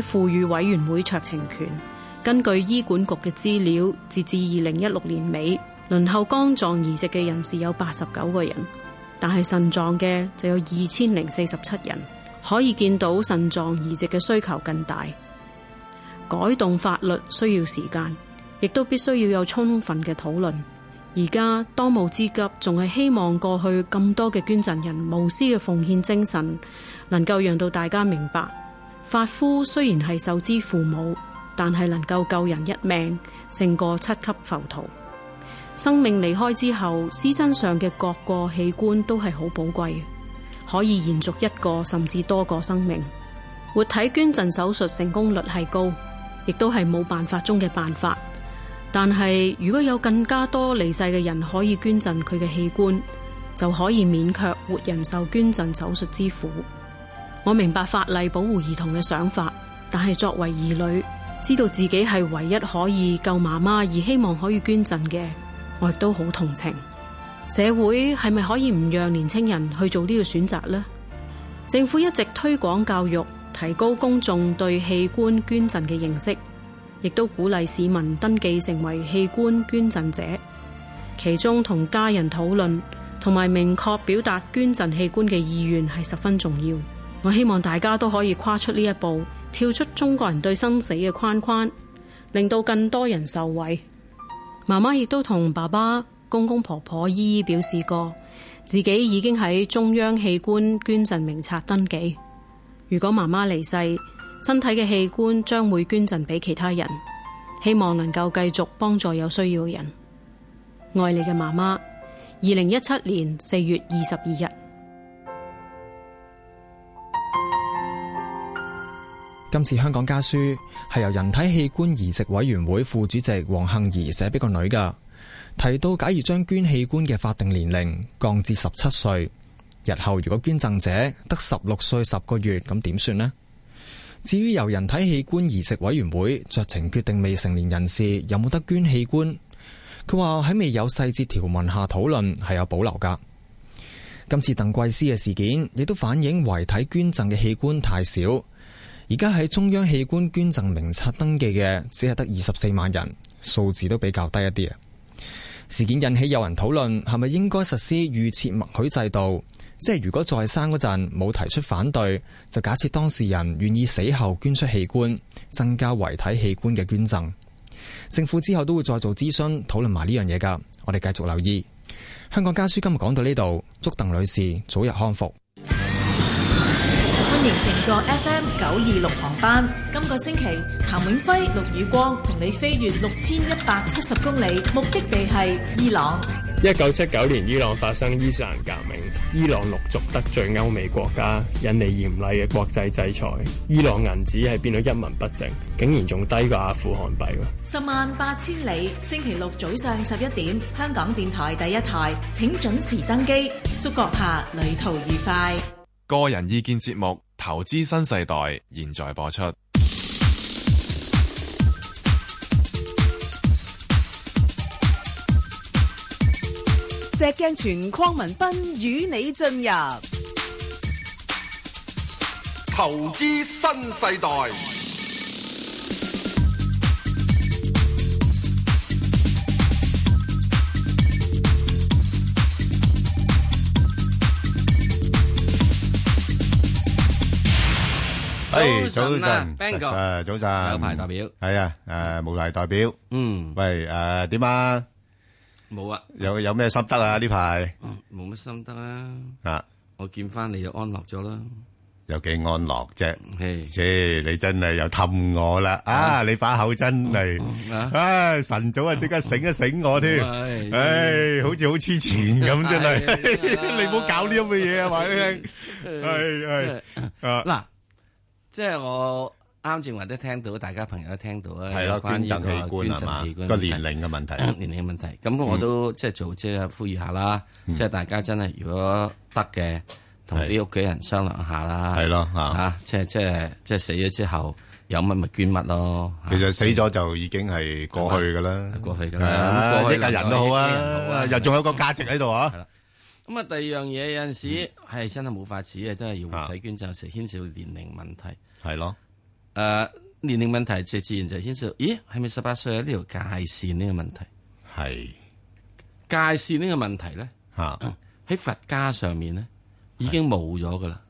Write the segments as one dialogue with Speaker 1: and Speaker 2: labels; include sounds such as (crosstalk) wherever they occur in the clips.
Speaker 1: 賦予委員會酌情權。根據醫管局嘅資料，截至二零一六年尾，輪候肝臟移植嘅人士有八十九個人，但係腎臟嘅就有二千零四十七人。可以見到腎臟移植嘅需求更大。改動法律需要時間，亦都必須要有充分嘅討論。而家當務之急，仲係希望過去咁多嘅捐贈人無私嘅奉獻精神，能夠讓到大家明白。法夫雖然係受之父母，但係能夠救人一命，勝過七級浮屠。生命離開之後，屍身上嘅各個器官都係好寶貴，可以延續一個甚至多個生命。活體捐贈手術成功率係高，亦都係冇辦法中嘅辦法。但係如果有更加多離世嘅人可以捐贈佢嘅器官，就可以免卻活人受捐贈手術之苦。我明白法例保護兒童嘅想法，但係作為兒女，知道自己係唯一可以救媽媽而希望可以捐贈嘅，我亦都好同情。社會係咪可以唔讓年青人去做呢個選擇呢？政府一直推廣教育，提高公眾對器官捐贈嘅認識，亦都鼓勵市民登記成為器官捐贈者。其中同家人討論，同埋明確表達捐贈器官嘅意願係十分重要。我希望大家都可以跨出呢一步，跳出中國人對生死嘅框框，令到更多人受惠。媽媽亦都同爸爸、公公婆婆姨姨表示過，自己已經喺中央器官捐贈名冊登記。如果媽媽離世，身體嘅器官將會捐贈俾其他人，希望能夠繼續幫助有需要嘅人。愛你嘅媽媽，二零一七年四月二十二日。
Speaker 2: 今次香港家書係由人體器官移植委員會副主席黃杏兒寫俾個女嘅，提到假如將捐器官嘅法定年齡降至十七歲，日後如果捐贈者得十六歲十個月，咁點算呢？至於由人體器官移植委員會酌情決定未成年人士有冇得捐器官，佢話喺未有細節條文下討論係有保留噶。今次鄧桂思嘅事件亦都反映遺體捐贈嘅器官太少。而家喺中央器官捐贈名冊登記嘅只係得二十四萬人，數字都比較低一啲啊！事件引起有人討論，係咪應該實施預設默許制度？即係如果在生嗰陣冇提出反對，就假設當事人願意死後捐出器官，增加遺體器官嘅捐贈。政府之後都會再做諮詢，討論埋呢樣嘢噶。我哋繼續留意《香港家書》今日講到呢度，祝鄧女士早日康復。
Speaker 1: 歡迎乘坐 F。九二六航班，今個星期，譚永輝、陸宇光同你飛越六千一百七十公里，目的地係伊朗。
Speaker 3: 一九七九年，伊朗發生伊斯蘭革命，伊朗陸
Speaker 4: 續得罪歐美國家，引嚟嚴厲嘅國際制裁。伊朗銀紙係變到一
Speaker 2: 文不值，竟然仲低過阿富汗幣。
Speaker 1: 十萬八千里，星期六早上十一點，香港電台第一台，請準時登機，祝閣下旅途愉快。
Speaker 3: 個人意見節目。投資新世代，現在播出。
Speaker 5: 石鏡泉、鄺民彬與你進入
Speaker 6: 投資新世代。
Speaker 7: 喂，早晨，誒，早晨，有牌代表，係啊，誒，無牌代表，嗯，喂，誒，點啊？
Speaker 8: 冇啊，
Speaker 7: 有有咩心得啊？呢排，
Speaker 8: 冇咩心得啊？
Speaker 7: 啊，我見翻你又安樂咗啦，有幾安樂啫？切，你真係又氹我啦，啊，你把口真係，唉，晨早啊，即刻醒一醒我添，唉，好似好黐纏咁，真係，你唔好搞呢啲咁嘅嘢啊，
Speaker 8: 話俾你聽，係係啊，嗱。即係我啱正或者聽到，大家朋友都聽到啦，係咯，捐贈器官係嘛？個年齡嘅
Speaker 7: 問題，年齡嘅
Speaker 8: 問題。咁我都即係做即係呼籲下啦，即係大家真係如果得嘅，同啲屋企人商量下啦。係咯，嚇嚇，即係即係即係死咗之後，
Speaker 7: 有乜咪捐乜咯。其實死咗就已經係過去㗎啦，過去
Speaker 9: 㗎啦，
Speaker 1: 一
Speaker 7: 嚿人都好啊，又仲有個價值喺度啊。
Speaker 8: 咁啊，第二樣嘢有陣時係真係冇法子嘅，真係要睇捐就成牽涉年齡問題，係咯的？誒、呃，年齡問題就自然就牽涉，咦，係咪十八歲啊呢條界線呢個問題？係的界線呢個問題咧，吓、啊，喺 (coughs) 佛家上面咧已經冇咗噶啦，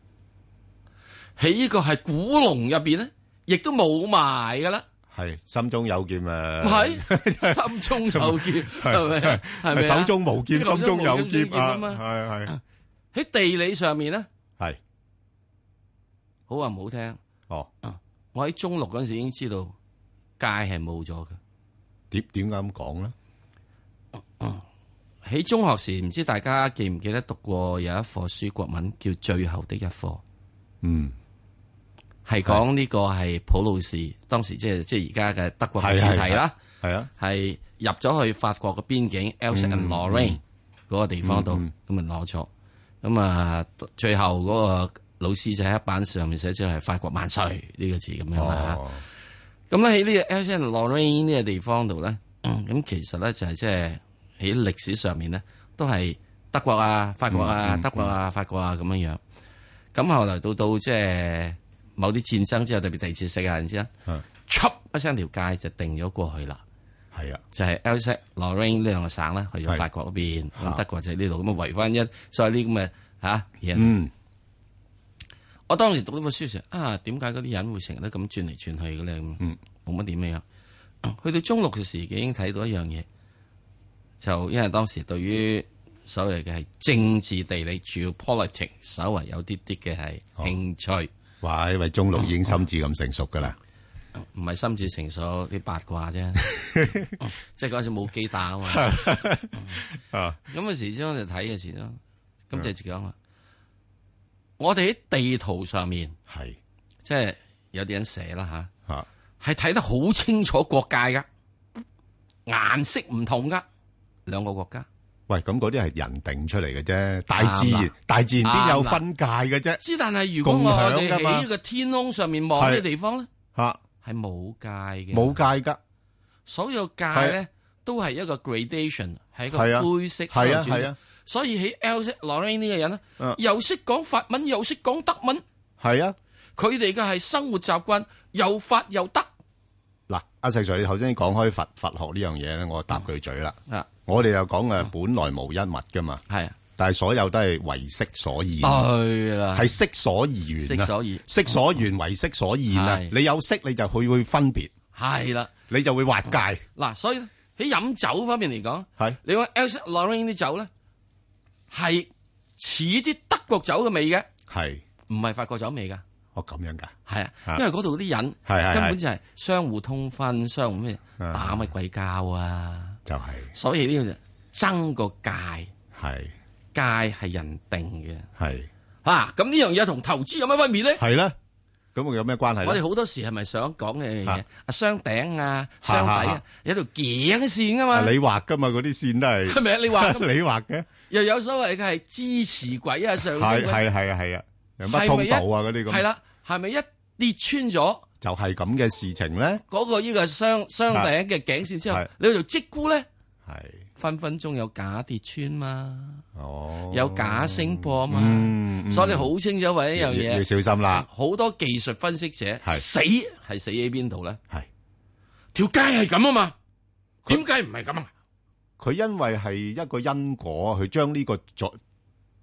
Speaker 8: 喺的呢個係古龍入邊咧，亦都
Speaker 7: 冇埋噶啦。係心中有劍誒，係心中有劍，係咪？係手中無劍，心中有劍啊！係係
Speaker 8: 喺地理上面咧，係好話唔好聽哦。我喺中六嗰陣時已經知道界係冇咗嘅。點點解咁講咧？喺中學時，唔知大家記唔記得讀過有一課書國文叫《最後的一課》？嗯。係講呢個係普魯士，當時即係即係而家嘅德國嘅主題啦，係啊，係入咗去法國嘅邊境 Alsace and Lorraine 嗰個地方度，咁咪攞咗。咁啊、嗯、最後嗰個老師就喺一版上面寫咗係法國萬歲呢是個字咁樣啦咁咧喺呢個 Alsace and Lorraine 呢個地方度咧，咁、嗯、其實咧就係即係喺歷史上面咧都係德國啊、法國啊、嗯嗯嗯、德國啊、法國啊咁樣樣。咁後嚟到到即係。就是某啲戰爭之後，特別第二次啊，人之後，的一聲條界就定咗過去啦。係啊的，就係 Alsace Lorraine 呢兩個省咧，去咗法國嗰邊，的的德國就喺呢度，咁啊圍翻一，所以啲咁嘅吓，嘢、啊。嗯、我當時讀呢本書時啊，點解嗰啲人會成日咁轉嚟轉去嘅咧？冇乜點嘅樣。去到中六嘅時，已經睇到一樣嘢，就因為當時對於所謂嘅係政治地理，主要 politics，稍為有啲啲嘅係興趣。
Speaker 7: 話因為中六已經心智咁成熟噶啦，
Speaker 8: 唔係、啊、心智成熟啲八卦啫、 (laughs) 嗯，即係嗰陣冇機打啊嘛。咁嗰時先我哋睇嘅時咯，咁就自己講啦。我哋喺地圖上面係的即係有啲人寫啦，吓係睇得好清楚國界噶顏色唔同噶
Speaker 7: 兩個國家。喂，咁嗰啲係人定出嚟嘅啫，大自然，大自然邊有分界嘅啫？知，但係如果我哋喺呢
Speaker 8: 個天空上面望啲地方咧，
Speaker 7: 吓係冇界嘅，冇界噶，
Speaker 8: 所有界咧都係一個 gradation，係一個灰色，係啊係啊，所以喺 L 色 Lorraine 呢個人咧，又識講法文又識講德文，係啊，佢哋嘅係生活習慣又法又德。
Speaker 7: 嗱，阿石 Sir，你頭先講開佛佛學呢樣嘢咧，我答佢嘴啦。我哋又講嘅，本來無一物噶嘛。係啊，但係所有都係為色所染，係啦，係色所染啊，色所染，色所染為色所染啊！你有色你就去去分別，係啦，你就會劃界
Speaker 8: 嗱。所以喺飲酒方面嚟講，係你話 Lorraine 啲酒咧，係似啲德國酒嘅味嘅，係唔係法國酒味噶？哦，咁樣噶，係啊，因為嗰度啲人根本就係相互通婚，相互咩打乜鬼交啊！就係，所以呢個爭個界係界係人定嘅係，啊咁呢樣嘢同投資有乜分別咧？
Speaker 7: 係啦，咁啊有咩關係？我哋
Speaker 8: 好多時係咪想講嘅嘢？啊，雙頂啊，雙底啊，有條頸線噶嘛？你
Speaker 7: 畫噶嘛？嗰啲線都係，係咪？你畫？你畫嘅
Speaker 8: 又有所謂嘅係支持軌啊，上軌，係
Speaker 7: 係啊係啊，有乜通道啊嗰啲咁？係啦，係咪一跌穿咗？就係咁嘅事情咧，
Speaker 8: 嗰個呢個雙雙頂嘅頸線之後，你做織估咧，係分分鐘有假跌穿嘛，哦，有假升波嘛，
Speaker 7: 所以你好
Speaker 8: 清楚，為一樣嘢要
Speaker 7: 小心啦。
Speaker 8: 好多技術分析者死係死喺邊度咧？係條街係咁啊嘛，點解唔係咁啊？
Speaker 7: 佢因為係一個因果，佢將呢個作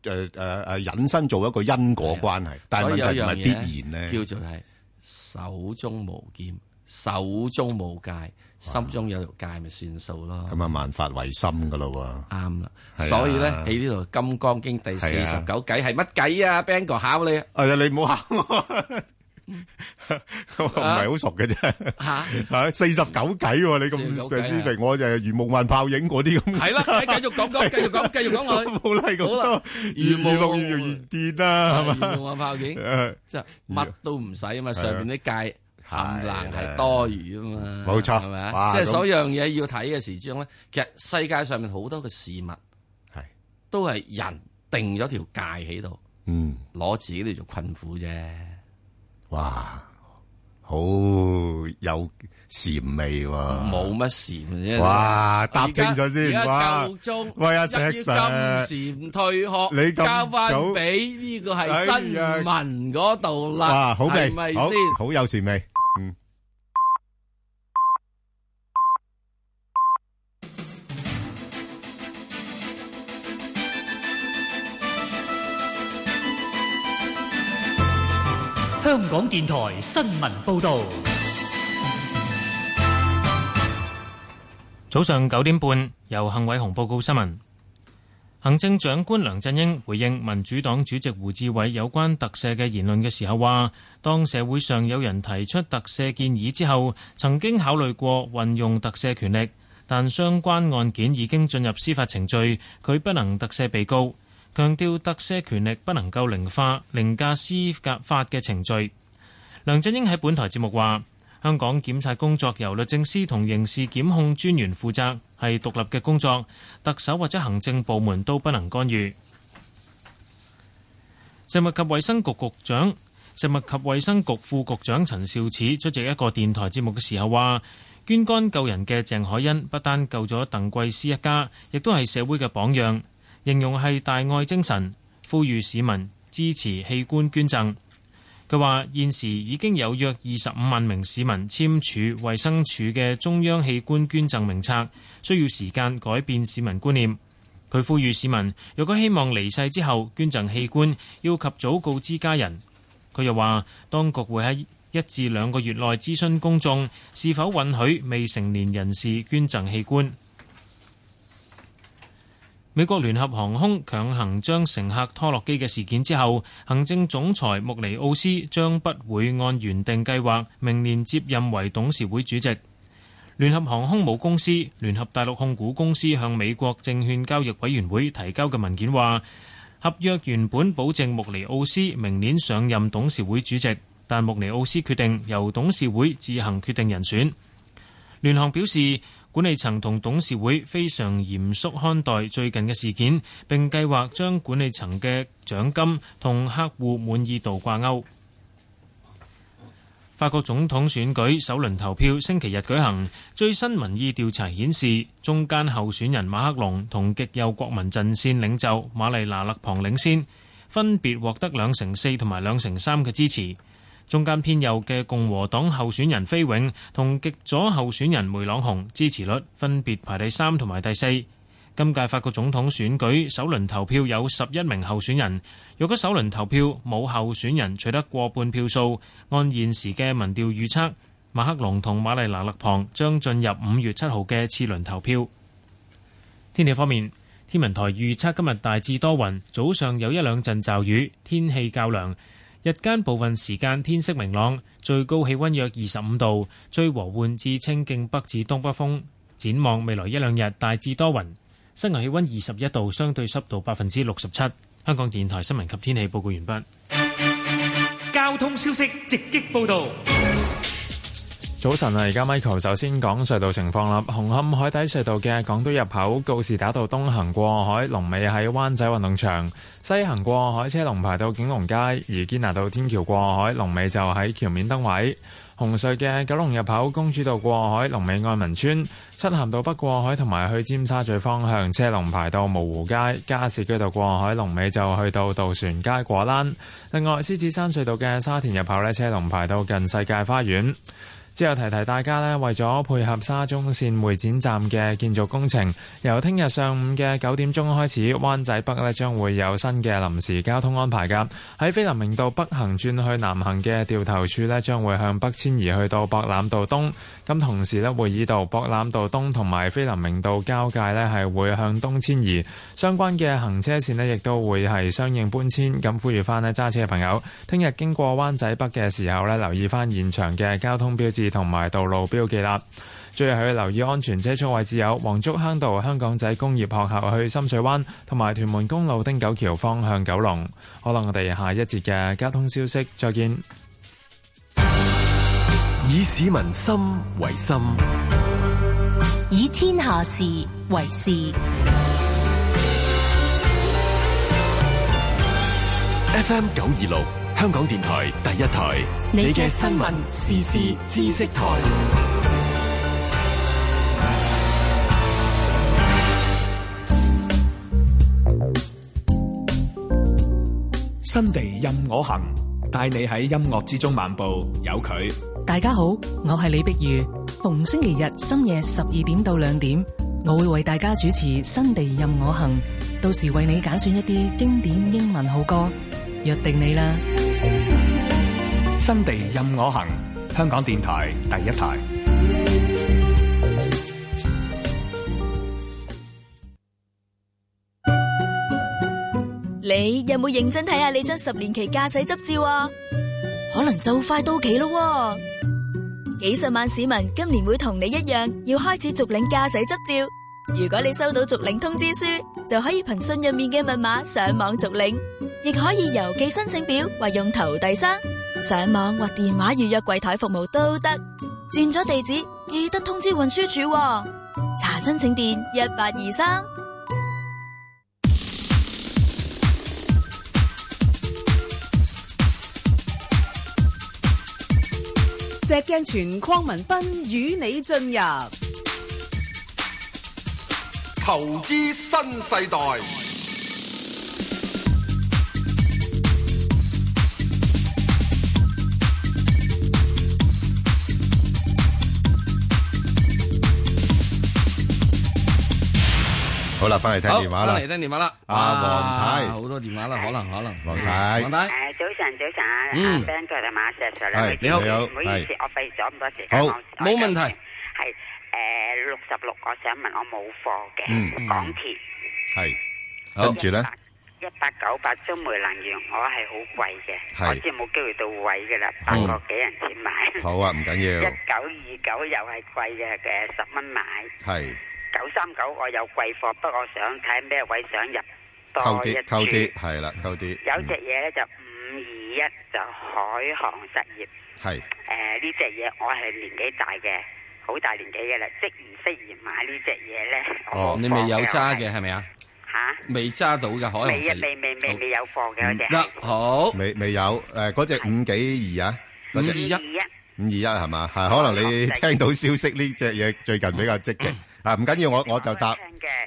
Speaker 7: 誒誒誒引申做一個因果關係，但係問題唔係必然咧，叫
Speaker 8: 做係。手中無劍，手中無戒，哇心中有條戒咪算數咯。咁了啊，
Speaker 7: 萬法唯心噶咯喎。啱啦，所以咧喺呢度《
Speaker 8: 金剛經》第四十九偈係乜偈啊，啊？彬哥考你，啊，
Speaker 7: 哎呀，你唔好考我。 (laughs) 唔係好熟嘅啫。吓，四十九計喎，你咁 specific，我就如夢幻泡影嗰啲咁。係啦，繼
Speaker 8: 續講講，繼續講，繼續講我冇啦，咁多如夢越如夢幻泡影，即係乜都唔使，因為上邊啲界冚唪唥係多餘啊嘛。冇錯，係嘛？即係所有樣嘢要睇嘅時之中咧，其實世界上面好多嘅事物係都係人定咗條界喺度，嗯，攞自己嚟做困苦啫。哇，
Speaker 7: 好有禪味喎，啊！冇乜禪啫。哇，答清楚先，而家夠鐘，而家要金蟬退學，你交翻俾
Speaker 8: 呢個係新聞嗰度啦，係咪先？
Speaker 7: 好有禪味。
Speaker 2: 香港電台新聞報道，
Speaker 4: 早上九點半，由幸偉雄報告新聞。行政長官梁振英回應民主黨主席胡志偉有關特赦嘅言論嘅時候話，當社會上有人提出特赦建議之後，曾經考慮過運用特赦權力，但相關案件已經進入司法程序，佢不能特赦被告。強調特赦權力不能夠凌駕、凌駕司法嘅程序。梁振英喺本台節目話：香港檢察工作由律政司同刑事檢控專員負責，係獨立嘅工作，特首或者行政部門都不能干預。食物及衛生局局長、食物及衛生局副局長陳肇始出席一個電台節目嘅時候話：捐肝救人嘅鄭海恩不單救咗鄧桂思一家，亦都係社會嘅榜樣。形容係大愛精神，呼籲市民支持器官捐贈。佢話現時已經有約二十五萬名市民簽署衞生署嘅中央器官捐贈名冊，需要時間改變市民觀念。佢呼籲市民若果希望離世之後捐贈器官，要及早告知家人。佢又話，當局會喺一至兩個月內諮詢公眾，是否允許未成年人士捐贈器官。美國聯合航空強行將乘客拖落機嘅事件之後，行政總裁穆尼奧斯將不會按原定計劃明年接任為董事會主席。聯合航空母公司，聯合大陸控股公司向美國證券交易委員會提交嘅文件話，合約原本保證穆尼奧斯明年上任董事會主席，但穆尼奧斯決定由董事會自行決定人選。聯航表示，管理層同董事會非常嚴肅看待最近嘅事件，並計劃將管理層嘅獎金同客戶滿意度掛鈎。法國總統選舉首輪投票星期日舉行，最新民意調查顯示，中間候選人馬克龍同極右國民陣線領袖馬麗娜勒龐領先，分別獲得兩成四同埋兩成三嘅支持。中間偏右嘅共和黨候選人菲永同極左候選人梅朗雄支持率分別排第三同埋第四。今屆法國總統選舉首輪投票有十一名候選人，若果首輪投票冇候選人取得過半票數，按現時嘅民調預測，馬克龍同馬麗娜勒勒旁將進入五月七號嘅次輪投票。天氣方面，天文台預測今日大致多雲，早上有一兩陣驟雨，天氣較涼。日間部分時間天色明朗，最高氣溫約二十五度，吹和緩至清勁北至東北風。展望未來一兩日大致多雲，室外氣溫二十一度，相對濕度百分之六十七。香港電台新聞及天氣報告完畢。交通消息直擊報道。
Speaker 3: 早晨啊！而家 Michael 首先講隧道情況啦。紅磡海底隧道嘅港島入口告士打道東行過海，龍尾喺灣仔運動場；西行過海車龍排到景隆街，而堅拿道天橋過海龍尾就喺橋面燈位。紅隧嘅九龍入口公主道過海龍尾愛民村；漆咸道北過海同埋去尖沙咀方向車龍排到蕪湖街加士居道過海龍尾就去到渡船街果欄。另外，獅子山隧道嘅沙田入口呢車龍排到近世界花園。之後提提大家呢為咗配合沙中線會展站嘅建造工程，由聽日上午嘅九點鐘開始，灣仔北呢將會有新嘅臨時交通安排嘅。喺菲林明道北行轉去南行嘅掉頭處呢，將會向北遷移去到博覽道東。咁同時呢，會議道博覽道東同埋菲林明道交界呢，係會向東遷移。相關嘅行車線呢，亦都會係相應搬遷。咁呼籲翻呢揸車嘅朋友，聽日經過灣仔北嘅時候呢，留意翻現場嘅交通標誌。同埋道路標記啦，最後係要留意安全車速位置，有黃竹坑道香港仔工業學校去深水灣，同埋屯門公路汀九橋方向九龍。可能我哋下一節嘅交通消息再見。以市民心為心，
Speaker 2: 以天下事為事。FM 九二六。香港電台第一台，你嘅的 新聞時事知識台。
Speaker 3: 新地任我行，帶你喺音樂之中漫步，有佢。
Speaker 1: 大家好，我係李碧如。逢星期日深夜十二點到兩點，我會為大家主持《新地任我行》，到時為你揀選一啲經典英文好歌，約定你啦。
Speaker 2: 新地任我行，香港電台第一台。你有冇認真睇下，你張十年期駕駛執照啊？可能就快到期咯。幾十萬市民今年會同你一樣要開始續領駕駛執照。如果你收到續領通知書，就可以憑信入面嘅密碼上網續領，亦可以郵寄申請表或用投遞箱。上網或電話預約櫃台服務都得，轉咗地址記得通知運輸處喎。查詢請電一八二三。
Speaker 5: 石鏡泉鄺民彬與你進入
Speaker 6: 投資新世代。
Speaker 7: 好啦，翻嚟
Speaker 9: 聽
Speaker 8: 電話啦。翻嚟聽電話啦，阿黃太。好多電話啦，可能可能，黃太。黃太。係
Speaker 9: 早晨，早晨啊。嗯。阿 Ben 佢哋馬上上嚟。係你好，你好。唔好意思，我費咗咁多時間。
Speaker 5: 好，冇問題。係誒六十六個想問我冇貨嘅，港
Speaker 7: 鐵。係。跟住咧。一
Speaker 5: 八九八中煤能源，我係好貴嘅，我先冇機會到位嘅啦，八個幾人先買。好啊，
Speaker 9: 唔緊要。一
Speaker 5: 九二九又係貴嘅，嘅十蚊買。係。九三九我有貴貨，不過我想睇咩位想入，多一注。抽啲，係啦，抽啲。有
Speaker 9: 隻嘢咧就五
Speaker 5: 二一就海航實業。係。誒呢隻嘢我係年紀大嘅，好大年紀嘅啦，即唔適宜買呢隻嘢咧。
Speaker 9: 哦，你未有
Speaker 8: 揸嘅
Speaker 7: 係咪啊？吓？未揸到嘅可
Speaker 8: 能。未
Speaker 9: 未
Speaker 7: 未未未有貨嘅嗰隻。嗱好，未未有誒嗰隻五幾二啊？五二一。五二一係嘛？係可能你聽到消息呢隻嘢最近比較積極。啊，唔緊要緊，我我就答，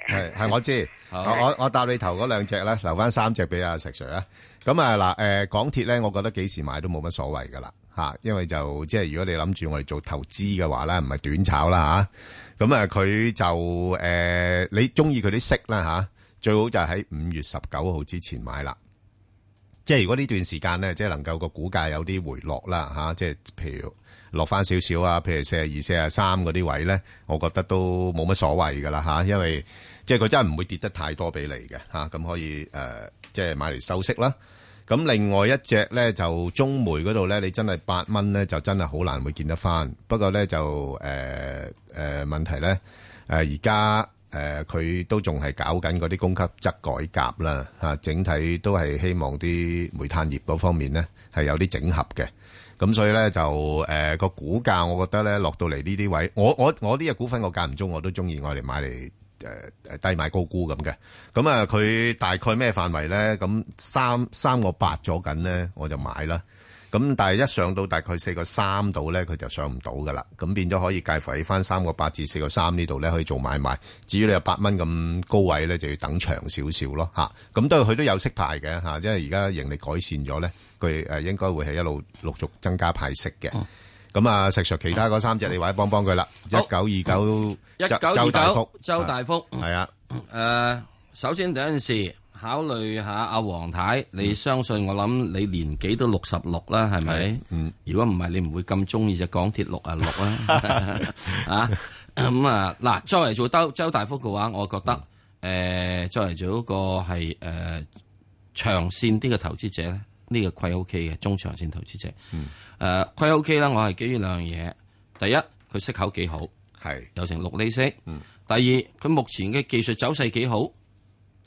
Speaker 7: 係係我，我知 (laughs) 我，我我答你頭嗰兩隻咧，留翻三隻俾阿石 Sir 啦。咁、嗯、啊嗱，誒、呃，港鐵咧，我覺得幾時買都冇乜所謂噶啦，吓、啊，因為就即係如果你諗住我哋做投資嘅話咧，唔係短炒啦吓。咁啊，佢、啊、就誒、呃，你中意佢啲息啦吓，最好就喺五月十九號之前買啦。即係如果呢段時間咧，即係能夠個股價有啲回落啦吓、啊，即係譬如。落翻少少啊，譬如四廿二、四廿三嗰啲位咧，我覺得都冇乜所謂噶啦嚇，因為即係佢真係唔會跌得太多俾你嘅嚇，咁、啊、可以誒、呃，即係買嚟收息啦。咁另外一隻咧就中煤嗰度咧，你真係八蚊咧就真係好難會見得翻。不過咧就誒誒、呃呃、問題咧誒而家誒佢都仲係搞緊嗰啲供給側改革啦嚇、啊，整體都係希望啲煤炭業嗰方面咧係有啲整合嘅。咁所以咧就誒個股價，我覺得咧落到嚟呢啲位，我我我呢隻股份我來來，我間唔中我都中意我嚟買嚟誒誒低買高沽咁嘅。咁啊，佢大概咩範圍咧？咁三三個八咗緊咧，我就買啦。咁但係一上到大概四個三度咧，佢就上唔到噶啦。咁變咗可以介乎喺翻三個八至四個三呢度咧，可以做買賣。至於你有八蚊咁高位咧，就要等長少少咯嚇。咁都係佢都有息派嘅嚇，即係而家盈利改善咗咧。佢誒應該會係一路陸續增加派息嘅。咁啊、嗯，石 Sir，其他嗰三隻你或者幫幫佢啦。一九二九，一九二九，29，周大福，周啊、嗯。
Speaker 8: 誒、嗯，首先第一件事考慮下阿黃太，你相信、嗯、我諗你年紀都六十六啦，係咪？嗯。如果唔係，你唔會咁中意隻港鐵六啊六啦啊。咁啊，嗱，作為做周周大福嘅話，我覺得誒、呃，作為做一個係誒、呃、長線啲嘅投資者咧。呢個 quite OK 嘅中長線投資者，誒 quite、嗯 uh, OK 啦，我係基於兩樣嘢。第一，佢息口幾好，係是有成六厘息。嗯、第二，佢目前嘅技術走勢幾好，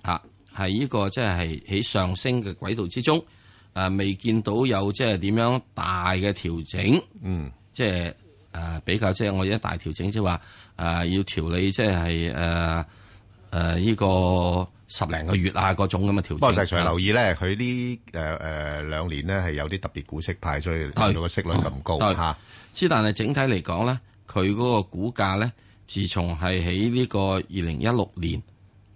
Speaker 8: 嚇係呢個即係喺上升嘅軌道之中，誒、啊、未見到有即係點樣大嘅調整，即係誒比較即係、就是、我一大調整，即係話誒要調理即係誒誒呢
Speaker 7: 個。十零個月啊，嗰種咁嘅調整。不過就係留意咧，佢呢誒誒兩年呢係有啲特別股息派，所以令到個息率咁高吓。之但係整體嚟講
Speaker 8: 咧，佢嗰個股價咧，自從係喺呢個二零一六年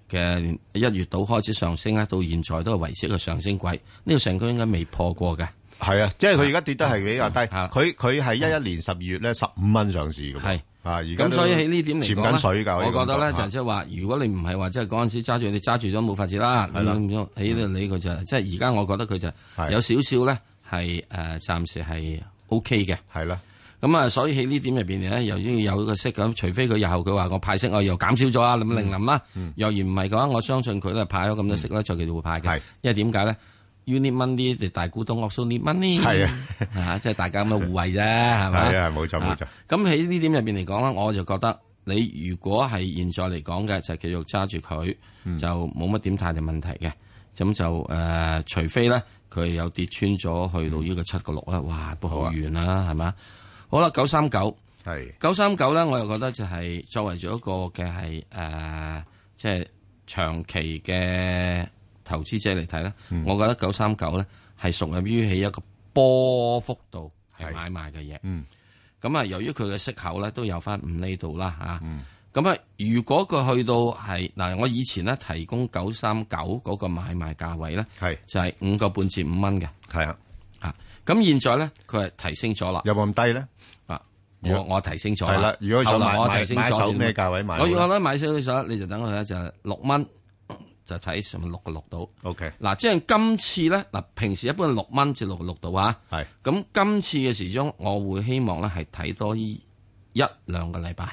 Speaker 8: 嘅一月度開始上升，一直到現在都係維持個上升軌。呢個成區應該未
Speaker 7: 破過嘅。係啊，即係佢而家跌得係比較低。佢佢係一一年十二月咧十五蚊上市嘅。啊！咁所以喺呢點嚟講咧，我覺得咧就即係話，如果你唔係話
Speaker 9: 即係
Speaker 8: 嗰陣時揸住你揸住咗冇法子啦。係啦，喺度理佢就即係而家，我覺得佢就有少少咧係誒暫時係 O K 嘅。係啦，咁啊，所以喺呢點入邊嚟咧，又要有個息咁，除非佢日後佢話我派息，我又減少咗啊林明林啦。若然唔係嘅話，我相信佢都係派咗咁多息啦，就佢就會派嘅。係，因為點解咧？unit m o 蚊啲大股東惡數 unit 蚊咧，係啊，嚇即係大家咁嘅護衞啫，係咪？係啊，冇錯冇錯。咁喺呢點入邊嚟講啦，我就覺得你如果係現在嚟講嘅，就繼續揸住佢，就冇乜點太大問題嘅。咁就誒，除非咧佢有跌穿咗去到呢個七個六啦，哇，都好遠啦，係嘛？好啦，九三九係九三九咧，我又覺得就係作為咗一個嘅係誒，即係長期嘅。投資者嚟睇咧，嗯、我覺得九三九咧係屬於起一個波幅度係買賣嘅嘢。咁啊，嗯、由於佢嘅息口咧都有翻五厘度啦嚇。咁啊、嗯，如果佢去到係嗱，我以前咧提供九三九嗰個買賣價位咧，係是就係五個半至五蚊嘅。係啊，啊咁的現在咧佢係提升咗啦。有冇咁低咧？啊我，我果我提升咗。係啦，如果想買我提升買手咩價位買？我如果咧買少少手，你就等佢啊，就係六蚊。就睇上面六個六度 OK 嗱，Okay. 即係今次咧，嗱，平時一般六蚊至六個六度啊，係是。咁今次嘅時鐘，我會希望咧係睇多呢一兩個禮拜，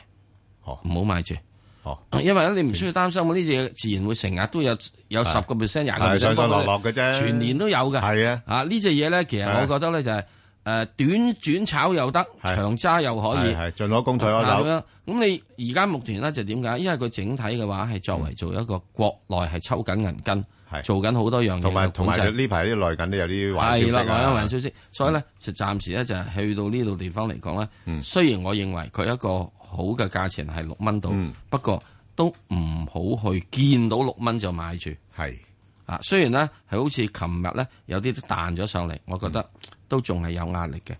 Speaker 8: 哦，唔好買住，哦，因為咧你唔需要擔心，呢隻嘢自然會成日都有有十個 percent，廿個 percent 落落嘅啫，全年都有嘅，係的啊，啊呢隻嘢咧，其實我覺得咧的就係、是。誒短轉炒又得，長揸又可以，進可攻退可守。咁你而家目前呢，就點解？因為佢整體嘅話係作為做一個國內係抽緊銀根，做緊好多樣嘅控制。同埋同埋呢排啲內景都有啲壞消息。係啦，壞消息。所以咧，就暫時咧就係去到呢度地方嚟講咧。雖然我認為佢一個好嘅價錢係六蚊度，不過都唔好去見到六蚊就買住。係啊，雖然咧係好似琴日咧有啲都彈咗上嚟，我覺得。都仲係有壓力嘅，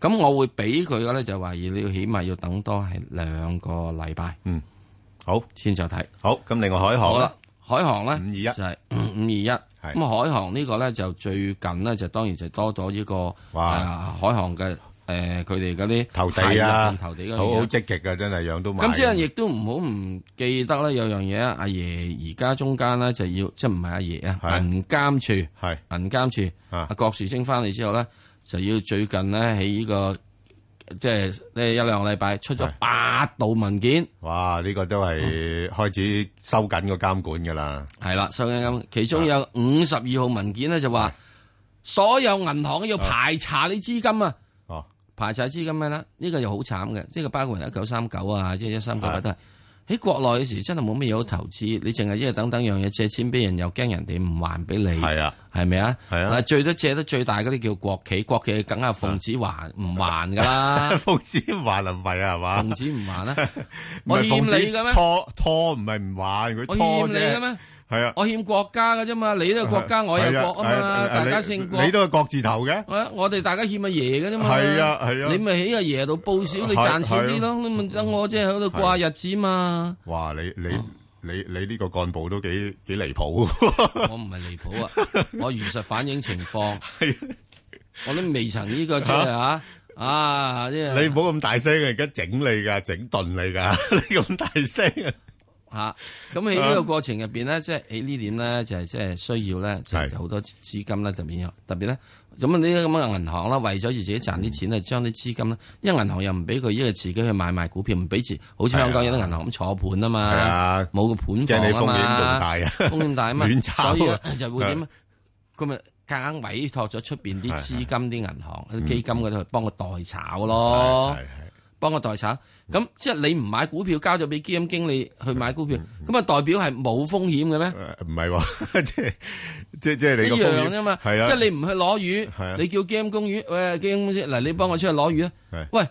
Speaker 8: 咁我會俾佢嘅咧就懷疑你要起碼要等多係兩個禮拜，嗯，好，先就睇，好，咁另外海航啦，海航咧五二一就係五五二一，係咁海航呢個咧就最近呢，就當然就多咗呢個，哇，海航嘅，誒佢哋嗰啲投地啊，投地，好積
Speaker 7: 極嘅，真係樣都買，咁之後
Speaker 8: 亦都唔好唔記得咧有樣嘢啊，阿爺而家中間咧就要即係唔係阿爺啊，銀監處係銀監處，啊，郭樹清翻嚟之後咧。就要最近咧喺呢個即係呢一兩個禮拜出咗八是道文件，哇！呢、這個都係開始收緊個監管噶啦，係啦、嗯，收緊監。其中有五十二號文件咧就話，的所有銀行要排查你資金啊，哦的，排查資金咩啦？呢、這個就好慘嘅，呢、這個包括一九三九啊，即係一三八八都係。喺國內嘅時真係冇咩嘢好投資，你淨係一係等等樣嘢借錢俾人，又驚人哋唔還俾你。係是啊吧，係咪是啊？係啊。最多借得最大嗰啲叫國企，國企梗係奉旨還唔是、啊、還噶啦、啊。 (laughs) 奉旨還啊？唔啊？係嘛？奉旨唔還啦？我欠你嘅咩？拖不不拖唔係唔還佢拖啫。我係啊，我欠國家嘅啫嘛，你都係國家，我又國啊嘛，大家姓國。你都係
Speaker 7: 國字頭嘅。我哋大
Speaker 8: 家欠阿爺嘅啫嘛。係啊係啊，你咪喺阿爺度報銷，你賺錢啲咯。你咪等我即係喺度掛日子嘛。
Speaker 7: 哇，你你你你呢個幹部都幾幾離譜。我唔係離譜啊，我如實反映情況。我都未曾呢個即係啊啊！你唔好咁大聲啊！而家整你噶，整頓你噶，你咁大聲啊！吓，咁喺呢個過程入
Speaker 8: 邊咧，即係喺呢點咧，就係即係需要咧，就係好多資金咧就變咗，特別咧，咁啊呢啲咁嘅銀行啦，為咗自己賺啲錢啊，將啲資金咧，因為銀行又唔俾佢，因為自己去買賣股票，唔俾錢，好似香港有啲銀行咁坐盤啊嘛，冇個盤放啊嘛，風險大啊，嘛，所以啊，就會點，佢咪夾硬委託咗出邊啲資金啲銀行啲基金嗰度幫佢代炒咯。幫我代炒，咁即係你唔買股票，交咗俾基金經理去買股票，咁啊代表係冇風
Speaker 7: 險嘅咩？唔係，即係即係即係你一樣啫嘛。即係你唔
Speaker 8: 去攞魚，你叫基金公理，喂，基金公理，嗱，你幫我出去攞魚啦。喂，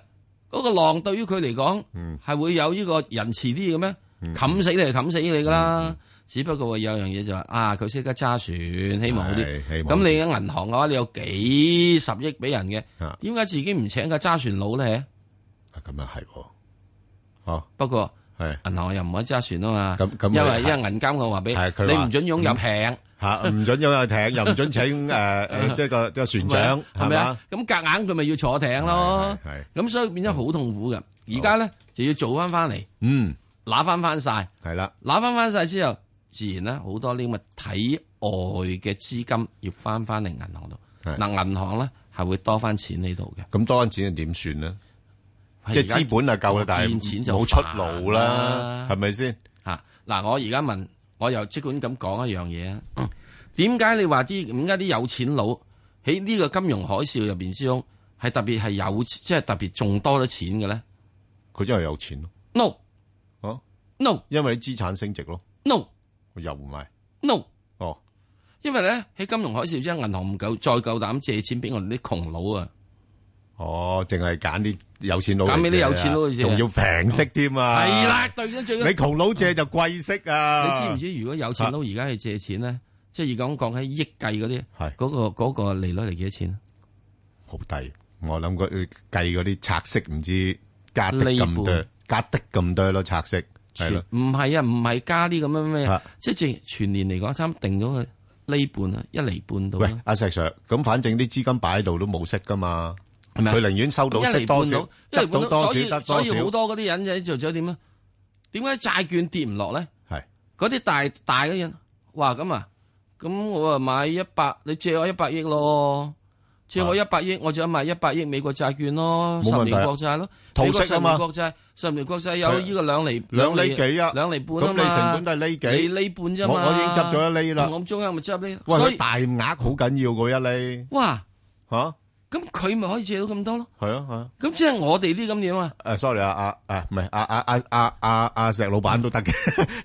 Speaker 8: 嗰個浪對於佢嚟講，係會有呢個仁慈啲嘅咩？冚死你就冚死你噶啦。只不過有樣嘢就話啊，佢識得揸船，希望好啲。咁你喺銀行嘅話，你有幾十億俾人嘅，點解自己唔請個揸船佬咧？
Speaker 7: 咁又
Speaker 8: 係，哦，不過係銀行又唔可以揸船啊嘛，咁咁因為因為銀監我話
Speaker 7: 俾你唔准擁有艇，吓，唔准擁有艇，又唔准請誒，即係個個船
Speaker 8: 長係咪啊？咁夾硬佢咪要坐艇咯，係咁所以變咗好痛苦嘅。而家咧就要做翻翻嚟，嗯，攞翻翻晒，係啦，攞翻翻晒之後，自然咧好多呢咁嘅體外嘅資金要翻翻嚟銀行度，嗱，
Speaker 7: 銀行咧係會多翻錢呢度嘅，咁多翻錢係點算咧？即係資本夠，是是啊，夠啦，但係錢就冇出路啦，係咪先？
Speaker 8: 吓，嗱，我而家問，我又即管咁講一樣嘢啊。點解、嗯、你話啲點解啲有錢佬喺呢個金融海嘯入邊之中特別有，係、就是、特別係有即係特別仲多咗錢嘅咧？佢真係有錢咯。No，啊，no，因為啲資產升值咯。No，又唔係。No，哦，因為咧喺金融海嘯之間，銀行唔夠，再夠膽借
Speaker 7: 錢俾我哋啲窮佬啊。哦，淨係揀啲。有錢佬借，仲要平息添啊！係啦，對得最。你窮佬借就貴息啊！你知唔知？如果
Speaker 8: 有錢佬而家去借錢咧，即係如果講起億計嗰啲，
Speaker 7: 係嗰個嗰個利率係幾多錢？好低，我諗過計嗰啲拆息唔知加得咁多，加得咁多咯，拆息係啦，
Speaker 8: 唔係啊，唔係加啲咁樣咩？即係
Speaker 7: 全年嚟講，差唔多定咗個呢半啊，一厘半到。喂，阿石 Sir，咁反正啲資金擺喺度都冇息噶嘛。佢寧願收到息多少，積到多少得多少。所以好
Speaker 8: 多嗰啲人嘅就做咗點咧？點解債券跌唔落咧？係嗰啲大大嘅人話咁啊，咁我啊買一百，你借我一百億咯，借我一百億，我就想買一百億美國債券咯，十年國債咯，美國十年國債，十年國債有呢個兩厘，兩厘幾啊，兩厘半啊嘛。咁你成本都係厘幾？你厘半啫嘛。我已經執咗一厘啦。我唔做啊，咪執
Speaker 7: 咧。所以大額好緊要嗰一厘。哇，吓！
Speaker 8: 咁佢咪可以借到咁多咯？
Speaker 7: 係啊，啊。
Speaker 8: 咁即係我哋啲咁樣啊！
Speaker 7: 誒，sorry 啊，阿、啊、誒，唔係阿阿阿阿阿阿石老闆都得嘅，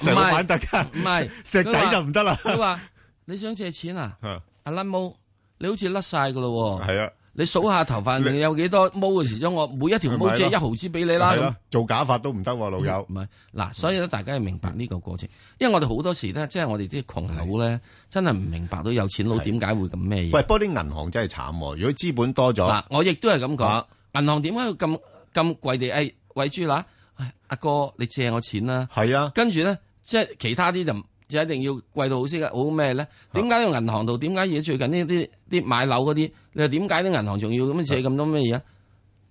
Speaker 7: 石老闆得噶，唔 (laughs) 係石，是石仔就唔得啦。佢話
Speaker 8: 你想借錢啊？阿 n u m b 你好似甩晒噶咯？係啊。你數下頭髮仲有幾多毛嘅時候，我每一條毛借一毫紙俾你啦。
Speaker 7: 做假發都唔得，老友。唔係
Speaker 8: 嗱，所以咧，大家要明白呢個過程。因為我哋好多時咧，即係我哋啲窮佬咧，真係唔明白到有錢佬點解會咁咩嘢。喂，不過啲銀行真係慘，
Speaker 7: 如果資本多咗嗱，
Speaker 8: 我亦都係咁講，銀行點解咁咁貴地喂喂豬乸？阿哥，你借我錢啦。係啊，跟住咧，即係其他啲就。就一定要貴到好先嘅，好咩咧？點解用銀行度？點解而家最近呢啲啲買樓嗰啲？你話點解啲銀行仲要咁樣借咁多咩嘢啊？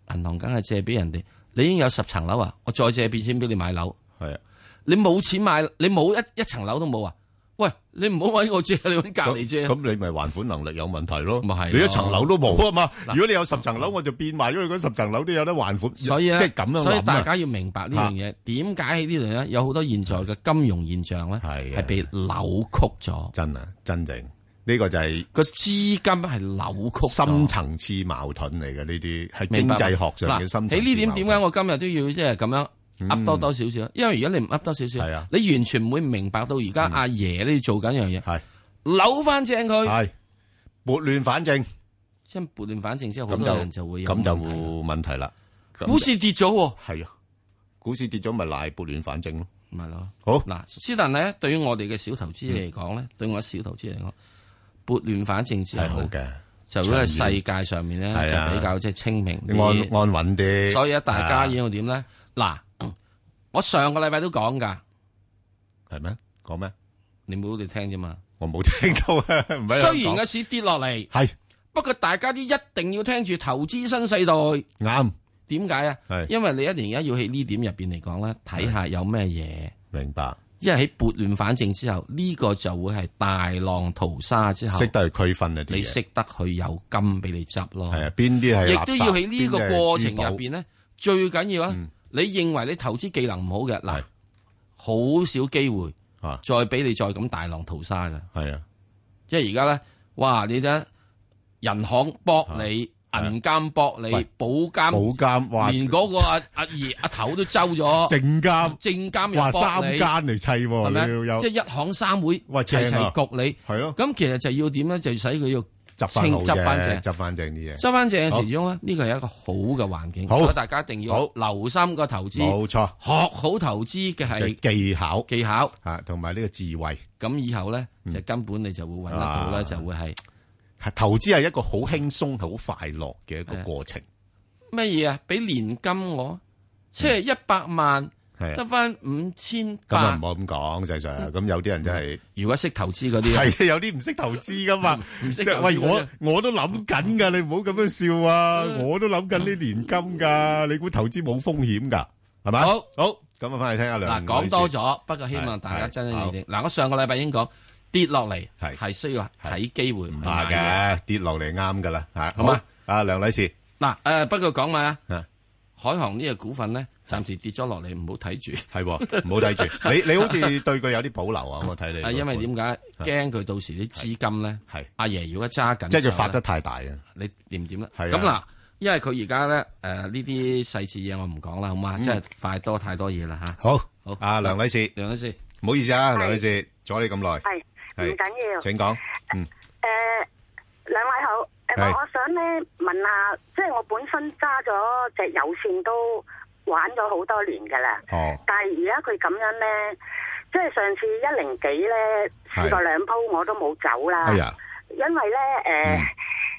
Speaker 8: 銀是的 行梗係借俾人哋，你已經有十層樓啊，我再借俾錢俾你買樓係啊，是的 你冇錢買，你冇一一層樓都冇啊。
Speaker 7: 喂，你唔好搵我借，你搵隔籬借、啊。咁你咪還款能力有問題咯。咁啊係。你一層樓都冇啊嘛，如果你有十層樓，我就變埋咗佢，因為十層樓都有得還款。所以、啊、即係咁樣諗。所以大家
Speaker 8: 要明白呢樣嘢，點解喺呢度咧？有好多現在嘅金融現象咧，係被
Speaker 7: 扭曲咗。啊真啊，真正呢、這個就係個資金係扭曲。深層次矛盾嚟嘅呢啲係經濟學上嘅深層次矛盾。喺呢點，點
Speaker 8: 解我今日都要即係咁樣？噏多多少少，因為如果你唔噏多少少，你完全唔會明白到而家阿爺呢做緊一樣嘢。係扭翻正佢，係撥亂反正，即係撥亂反正之後，好多人就會有問題。
Speaker 7: 咁就問題啦。股市跌咗，係啊，股市跌咗咪賴撥亂反正咯，咪咯。好嗱，
Speaker 8: 斯但係咧，對於我哋嘅小投資嚟講咧，對我小投資嚟講，撥亂反正之後咧，就喺世界上面咧就比較即係清明、安安穩啲。所以咧大家要點咧嗱？我上個禮拜都講噶，係咩？講咩？你冇好哋聽啫嘛？我冇聽到。雖然個市跌落嚟，係不過大家都一定要聽住《投資新世代》。啱，點解啊？係因為你一年一要喺呢點入邊嚟講咧，睇下有咩嘢。明白。因為喺撥亂反正之後，呢個就會係大浪淘沙之後，識得去區分一啲嘢，識得去有金俾你執咯。係啊，邊啲係？亦都要喺呢個過程入邊咧，最緊要啊！你認為你投資技能唔好嘅，嗱，好少機會再俾你再咁大浪淘沙嘅。係啊，即係而家咧，哇！你睇，人行搏你，銀監搏你，保監
Speaker 7: 保監，連
Speaker 8: 嗰個阿阿爺阿頭都嬲咗，證監
Speaker 7: 證監又搏你，三間嚟砌喎，係咪？即係
Speaker 8: 一行三會齊齊焗你，係咯。咁其實就要點咧？就使佢要。執翻正，執翻正，執
Speaker 7: 翻正啲嘢。執翻正嘅時
Speaker 8: 中咧，呢個係一個
Speaker 7: 好嘅環境。好，大家
Speaker 8: 一定要留心個投資。冇錯，學好投資嘅係技巧，技巧吓，同埋呢個智慧。咁以後咧，嗯、
Speaker 7: 就根本你就
Speaker 8: 會搵得到啦，就會係。
Speaker 7: 係、啊、投資係一個好輕鬆、好快樂嘅一個過程。
Speaker 8: 乜嘢啊？
Speaker 7: 俾、啊、年金我，即係一百萬。嗯得
Speaker 8: 翻五千八，咁啊唔
Speaker 7: 好咁講，事實上咁有啲人真係。如果識投資嗰啲，係有啲唔識投資噶嘛，唔識。喂，我我都諗緊噶，你唔好咁樣笑啊！我都諗緊啲年金噶，你估投資冇風險噶係咪？好好，咁啊翻去聽下梁。嗱，講多咗，不過希望大家真
Speaker 8: 真正正。嗱，我上個禮拜已經講跌落嚟，係需要睇機會。唔怕嘅，
Speaker 7: 跌落嚟啱噶啦，吓好嘛？阿梁女士，
Speaker 8: 嗱誒，不過講埋啊，海航呢個股份咧。暫時跌咗落嚟，唔好睇住，係，唔好睇住。你你好似對佢有啲保留啊？我睇你。係因為點解驚佢到時啲資金咧？係阿爺如果揸緊，即係佢發得太大啊！你點點咧？係咁嗱，因為佢而家咧，誒呢啲細節嘢我唔講啦，好嘛？即係
Speaker 7: 快多太多嘢啦吓。好，好。阿梁女士，梁女士，唔好意思啊，梁女士，阻你咁耐。係唔
Speaker 9: 緊要。請講。嗯。誒，
Speaker 5: 兩位好。係。我想咧問下，即係我本身揸咗隻油線都。玩咗好多年噶啦，但係而家佢咁樣咧，即係上次一零幾咧試過兩鋪我都冇走啦，因為咧誒，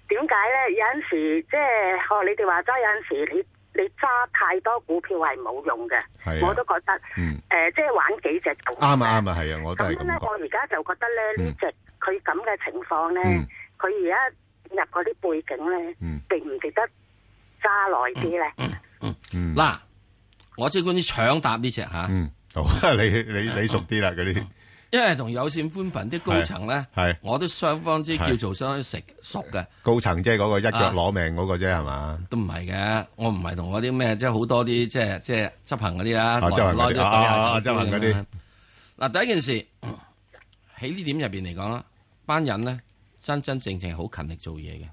Speaker 5: 點解咧有陣時即係學你哋話齋，有陣時你你揸太多股票係冇用嘅，我都覺得，誒，即係玩幾隻啱
Speaker 7: 啊。啱啊，係啊，我都係咁講。咁咧，我
Speaker 5: 而家就覺得咧呢隻佢咁嘅情況咧，佢而家入嗰啲背景咧，值唔值得揸耐啲咧？嗯嗯嗯，
Speaker 9: 嗱。
Speaker 8: 我
Speaker 7: 即係關於搶答呢隻吓，嗯，好，你你你熟啲啦嗰啲，
Speaker 8: 因為同有線寬頻啲高層咧，係我都相當之叫做
Speaker 7: 相當之熟嘅。高層即係嗰個一腳攞命嗰個啫係嘛？
Speaker 8: 都唔係嘅，我唔係同嗰啲咩，即係好多啲即係即係執行嗰啲啊，內地執行嗰啲。嗱，第一件事喺呢點入邊嚟講啦，班人咧真真正正好勤力做嘢嘅。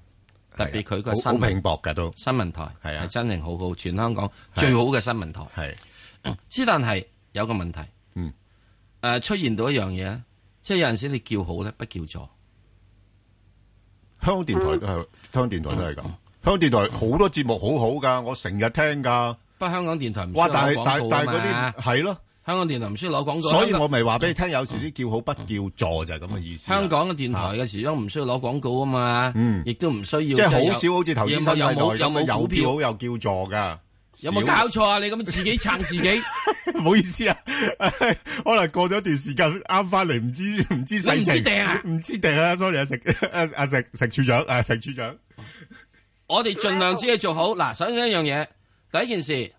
Speaker 8: 特別佢個新好拼搏噶都新聞台係啊，的真係好好，的全香港最好嘅新聞台。係，之、嗯、但係有個問題，嗯，誒、呃、出現到一樣嘢，即係
Speaker 7: 有陣時你叫好咧，不叫座、嗯。香港電台都係，香港電台都係咁。香港電台好多節目好好噶，我成日聽噶。不過，香港電台唔需要講好啊嘛。
Speaker 8: 係咯。但但香港電台唔需要攞廣告，所以我
Speaker 7: 咪話俾你聽，有時啲叫好不叫座就係咁嘅意
Speaker 8: 思。香港嘅電台嘅時鐘唔需要攞廣告啊嘛，亦都唔需要。即係好少，好似頭先咁樣有冇有冇有票好又
Speaker 7: 叫座噶？有冇搞
Speaker 8: 錯啊？你咁自己撐
Speaker 7: 自己，唔好意思啊！可能過咗一段時間啱翻嚟，唔知唔知定啊？唔知定啊？sorry 阿阿石石處長啊，石處長，
Speaker 8: 我哋盡量將嘢做好。嗱，首先一樣嘢，第一件事。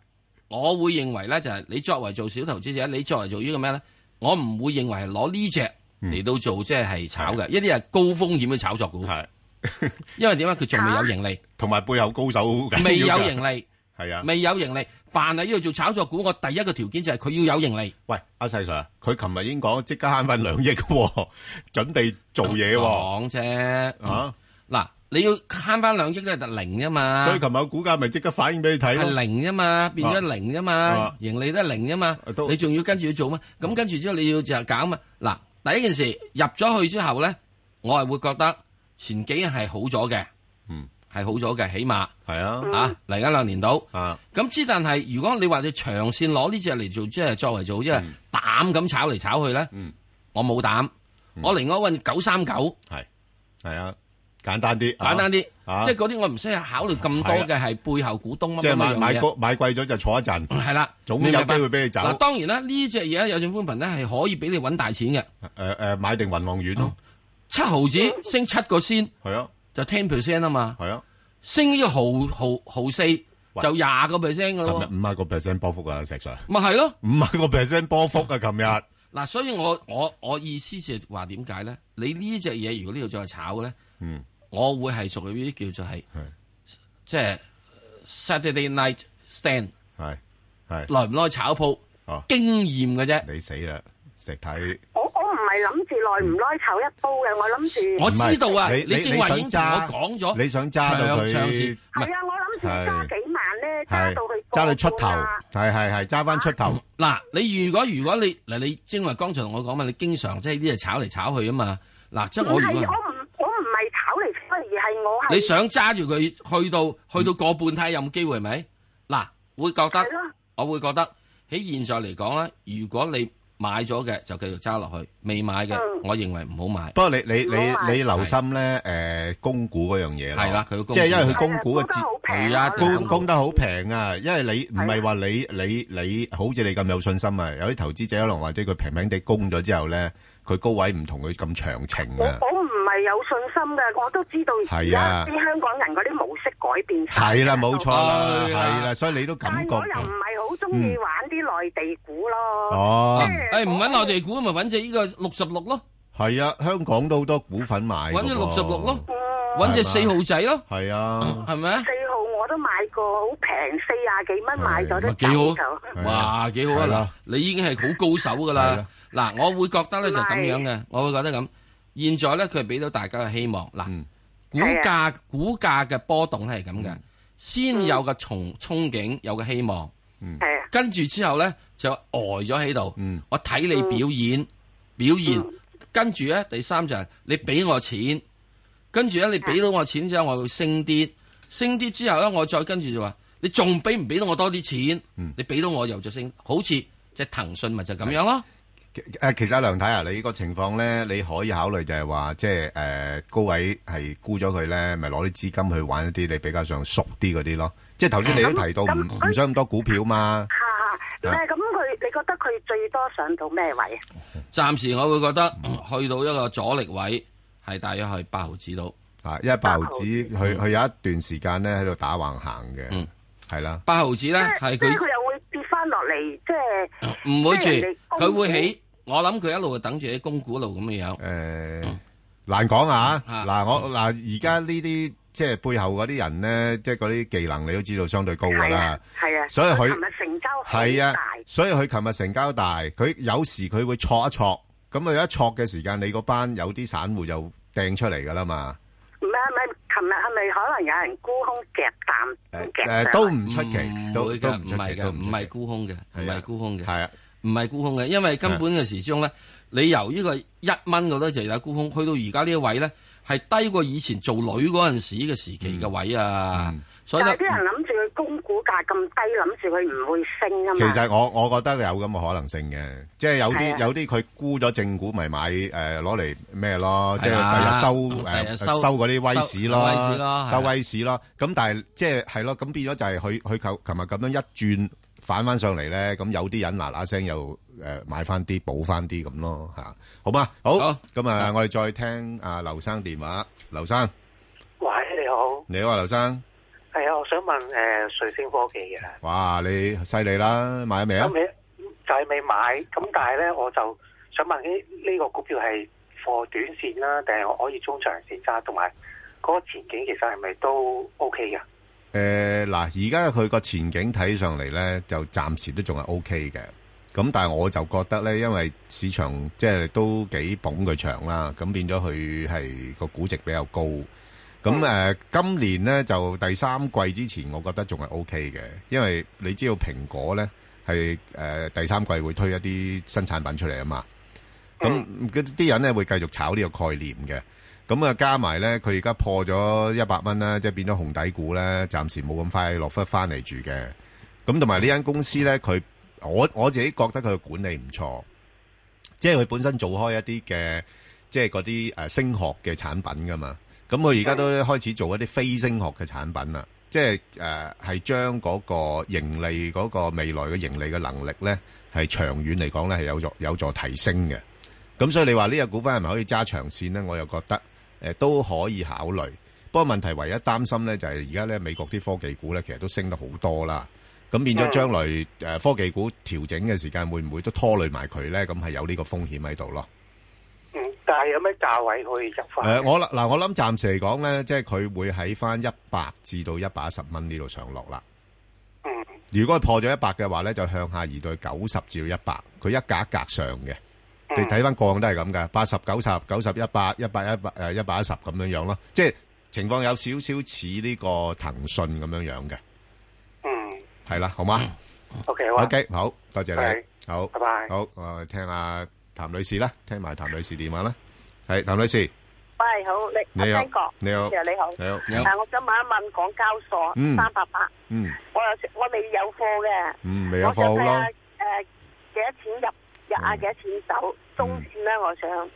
Speaker 8: 我會認為咧就係、是、你作為做小投資者，你作為做個呢個咩咧？我唔會認為係攞呢隻嚟到做即係、嗯、炒嘅，的一啲係高風險嘅炒作股。係是的， (laughs) 因為點解佢仲未有盈
Speaker 7: 利，同埋背後高手未有盈利。係啊，未有盈利，凡係要做炒作股，我第一個條件就係佢要有盈利。喂，阿細 Sir，佢琴日已經講即刻慳翻兩億嘅， (laughs) 準備做嘢。講啫，嗯、啊嗱。你要慳翻兩
Speaker 8: 億都係零啫嘛，所以琴日股價咪即刻反映俾你睇咯，係零啫嘛，變咗零啫嘛，盈利都係零啫嘛，你仲要跟住做咩？咁跟住之後你要就減啊！嗱，第一件事入咗去之後咧，我係會覺得前幾日係好咗嘅，嗯，係好咗嘅，起碼係啊，啊嚟緊兩年到啊，咁之但係如果你話要長線攞呢隻嚟做，即係作為做，即係膽咁炒嚟炒去咧，嗯，我冇膽，我另外揾九三九，係係啊。簡單啲，簡單啲，即係嗰啲我唔需要考慮咁多嘅，係背後股東乜乜乜嘢即係買
Speaker 7: 買貴咗就坐一陣，係啦、嗯，總會有機會俾你賺。嗱、嗯啊，
Speaker 8: 當然啦，呢隻嘢有線寬頻咧係可以俾你搵大錢嘅。誒誒、呃呃，買定云浪丸咯、嗯，七毫子升七個仙，係、嗯、啊，就 ten percent 啊嘛，係啊，升呢個毫毫毫四就廿個 percent 咯。五
Speaker 7: 萬個 percent 波幅啊，石、Sir、s 咪係咯，五萬個 percent 波幅啊，琴日。嗱、嗯嗯嗯嗯嗯，
Speaker 8: 所以我我我，我意思就話點解咧？你呢隻嘢如果呢度再炒咧，嗯。我會係屬於啲叫做係，即係 Saturday night stand，係係耐唔
Speaker 7: 耐炒鋪，經驗嘅啫。你死啦！食睇，我
Speaker 5: 我唔係諗住耐唔耐炒一煲嘅，我諗住我知道啊！你正話已經同我講咗，你想
Speaker 7: 揸到佢，
Speaker 9: 係啊！我諗住揸
Speaker 7: 幾萬咧，揸到佢。揸到出頭，係係係
Speaker 8: 揸翻出頭。嗱，你如果如果你嗱你正話剛才同我講嘛，你經常即係啲嘢炒嚟炒去啊嘛，嗱即係我如果。你想揸住佢去到去到個半梯有冇機會係咪？嗱，會覺得，我會覺得喺現在嚟講咧，如果你買咗嘅就繼續揸落去，未買嘅，我
Speaker 7: 認為唔好買。不過你你你你留心咧，誒，供股嗰樣嘢啦，係啦，佢即係因為佢供股嘅折係啊，供供得好平啊，因為你唔係話你你你好似你咁有信心啊，有啲投資者可能或者佢平平地供咗之後咧，佢高位唔同佢咁長情啊。
Speaker 5: 係有信
Speaker 7: 心嘅，我都知道有啲香港人嗰啲模式改變。係啦，冇錯，係啦，所以你都感覺。但係我又
Speaker 5: 唔係好
Speaker 8: 中意玩啲內地股咯。哦，誒唔揾內地股，咪揾隻呢個六十六咯。
Speaker 7: 係啊，香港都好多股份買。揾隻六十六咯，揾隻四號仔咯。係啊，係咪？四
Speaker 5: 號我都買過，好平，四廿幾蚊
Speaker 8: 買咗都幾好。哇，幾好啊！你已經係好高手㗎啦。嗱，我會覺得咧就係咁樣嘅，我會覺得咁。現在咧，佢俾到大家嘅希望。嗱，股價股價嘅波動係咁嘅，先有個憧憧憬，有個希望。係。跟住之後咧就呆咗喺度。嗯。我睇你表演，表演。跟住咧，第三就係你俾我錢。跟住咧，你俾到我錢之後，我會升啲，升啲之後咧，我再跟住就話，你仲俾唔俾到我多啲錢？你俾到我又再升，好似即係騰訊咪就咁樣咯。
Speaker 7: 誒，其實阿梁太啊，你呢個情況咧，你可以考慮就係話，即係誒高位係沽咗佢咧，咪攞啲資金去玩一啲你比較上熟啲嗰啲咯。即係頭先你都提到唔唔想咁多股票嘛。嚇誒，咁佢你覺
Speaker 5: 得佢最多上到咩位
Speaker 8: 啊？暫時我會覺得去到一個阻力位係大約係八毫子到。啊，因為八毫子
Speaker 7: 佢佢有一段時間咧喺度打橫行嘅。嗯，係啦。八毫子咧係佢。佢又
Speaker 8: 會跌翻落
Speaker 5: 嚟，
Speaker 9: 即
Speaker 8: 係唔會住，佢會起。我諗佢一路就等住喺公股路咁嘅樣，嗯。
Speaker 7: 誒，難講啊！嗱，我嗱而家呢啲即係背後嗰啲人咧，即係嗰啲技能你都知道相對高噶啦。係啊，所以佢，琴
Speaker 9: 日成交係好大。所
Speaker 7: 以佢琴日成交大，佢有時佢會錯一錯，咁佢一錯嘅時間，你嗰班有啲散戶就掟出嚟噶啦嘛。
Speaker 5: 唔係唔
Speaker 8: 係，琴日係咪可能有人沽空夾彈？誒、嗯嗯、都唔出奇，的都唔係嘅，唔係
Speaker 7: 沽空嘅，
Speaker 8: 唔係沽空嘅。係啊。唔係沽空嘅，因為根本嘅時鐘咧，你是的 由呢個一蚊嗰度就係沽空，去到而家呢個位咧係低過以前做女嗰陣時嘅時期嘅位
Speaker 7: 啊。嗯嗯，所以有啲人諗
Speaker 5: 住佢供股價咁低，諗住佢唔會
Speaker 7: 升啊嘛。其實我我覺得有咁嘅可能性嘅，即、就、係、是、有啲是的 有啲佢沽咗正股，咪買誒攞嚟咩咯？即、呃、係、就是、收誒、啊、收嗰啲收威士咯，收威士咯。咁但係即係係咯，咁、就是、變咗就係佢佢頭琴日咁樣一轉。反翻上嚟咧，咁有啲人嗱嗱聲又誒買翻啲補翻啲咁咯嚇，好嘛？好，咁啊，我哋再聽阿劉生電話。劉生，
Speaker 9: 喂，你好。
Speaker 7: 你好啊，劉生。
Speaker 9: 係啊，我想問誒瑞星科技
Speaker 7: 嘅。哇，你犀利啦，買咗未
Speaker 6: 啊？未就係未買，咁但係咧，我就想問啲呢個股票係貨短線啦，定係我可以中長線揸？同埋嗰個前景其實係咪都
Speaker 9: OK 嘅？
Speaker 7: 誒，嗱、呃，而家佢個前景睇上嚟呢，就暫時都仲係 O K 嘅。咁但係我就覺得呢，因為市場即係都幾捧佢場啦，咁變咗佢係個估值比較高。咁誒、呃，今年呢，就第三季之前，我覺得仲係 O K 嘅，因為你知道蘋果呢係誒、呃、第三季會推一啲新產品出嚟啊嘛。咁啲人呢會繼續炒呢個概念嘅。咁啊，加埋咧，佢而家破咗一百蚊啦，即係變咗紅底股咧，暫時冇咁快落翻翻嚟住嘅。咁同埋呢間公司咧，佢我我自己覺得佢嘅管理唔錯，即係佢本身做開一啲嘅，即係嗰啲誒升學嘅產品噶嘛。咁佢而家都開始做一啲非升學嘅產品啦，即係誒係將嗰個盈利嗰、嗰個未來嘅盈利嘅能力咧，係長遠嚟講咧係有助有助提升嘅。咁所以你話呢隻股份係咪可以揸長線咧？我又覺得。誒都可以考慮，不過，問題唯一擔心咧，就係而家咧，美國啲科技股咧，其實都升得好多啦，咁變咗將來誒、嗯、科技股調整嘅時間會唔會都拖累埋佢咧？咁係有呢個風險喺度咯。嗯，
Speaker 6: 但
Speaker 3: 係有咩價位可
Speaker 6: 以
Speaker 7: 入翻？誒、呃，我啦嗱、呃，我諗暫時嚟講咧，即係佢會喺翻一百至到一百一十蚊呢度上落啦。嗯。如果破咗一百嘅話咧，就向下移到九十至一百，佢一格一格上嘅。你睇翻個案都係咁嘅，八十九十、九十一百、一百一百、誒一百一十咁樣樣咯，即係情況有少少似呢個騰訊咁樣樣嘅。嗯，係啦，好嘛？OK，好 OK，好多謝你，好，拜拜。好，我聽下譚女士啦，聽埋譚女士電話啦。係譚女士，
Speaker 5: 喂，好，你你好，你好，你好，你好。誒，我想問一問港交所三百八，嗯，我有我未有貨嘅，
Speaker 7: 嗯，未有貨好咯。誒，幾多
Speaker 5: 錢入？入啊，幾多
Speaker 7: 錢走？中線咧，我想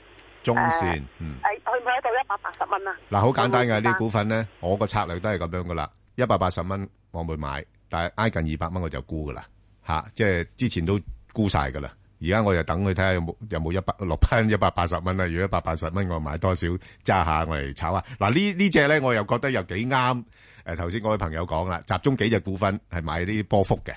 Speaker 7: 中線，
Speaker 5: 誒、呃，嗯、去唔去得到一百八十蚊啊？嗱，好簡單嘅，呢啲股份
Speaker 7: 咧，我個策略都係咁樣噶啦，一百八十蚊我咪買，但係挨近二百蚊我就沽噶啦，吓、啊，即係之前都沽晒噶啦，而家我就等佢睇下有冇有冇一百六一百八十蚊啦，如果一百八十蚊我買多少揸下我嚟炒下，嗱、啊、呢呢隻咧我又覺得又幾啱，誒頭先嗰位朋友講啦，集中幾隻股份係買呢啲波幅嘅。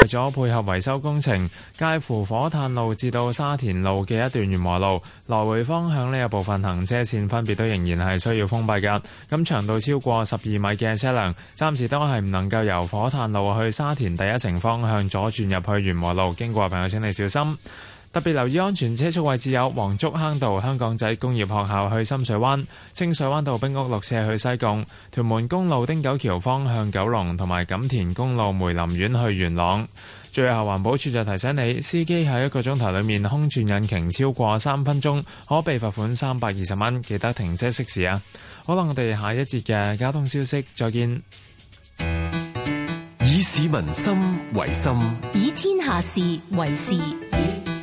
Speaker 3: 為咗配合維修工程，介乎火炭路至到沙田路嘅一段元和路來回方向呢，有部分行車線分別都仍然係需要封閉噶。咁長度超過十二米嘅車輛，暫時都係唔能夠由火炭路去沙田第一城方向左轉入去元和路，經過嘅朋友請你小心。特別留意安全車速位置，有黃竹坑道香港仔工業學校去深水灣、清水灣道冰屋六斜去西貢、屯門公路丁九橋方向九龍同埋錦田公路梅林苑去元朗。最後環保署就提醒你，司機喺一個鐘頭裏面空轉引擎超過三分鐘，可被罰款三百二十蚊。記得停車熄匙啊！好啦，我哋下一節嘅交通消息再見。以市民心為心，
Speaker 2: 以天下事為事。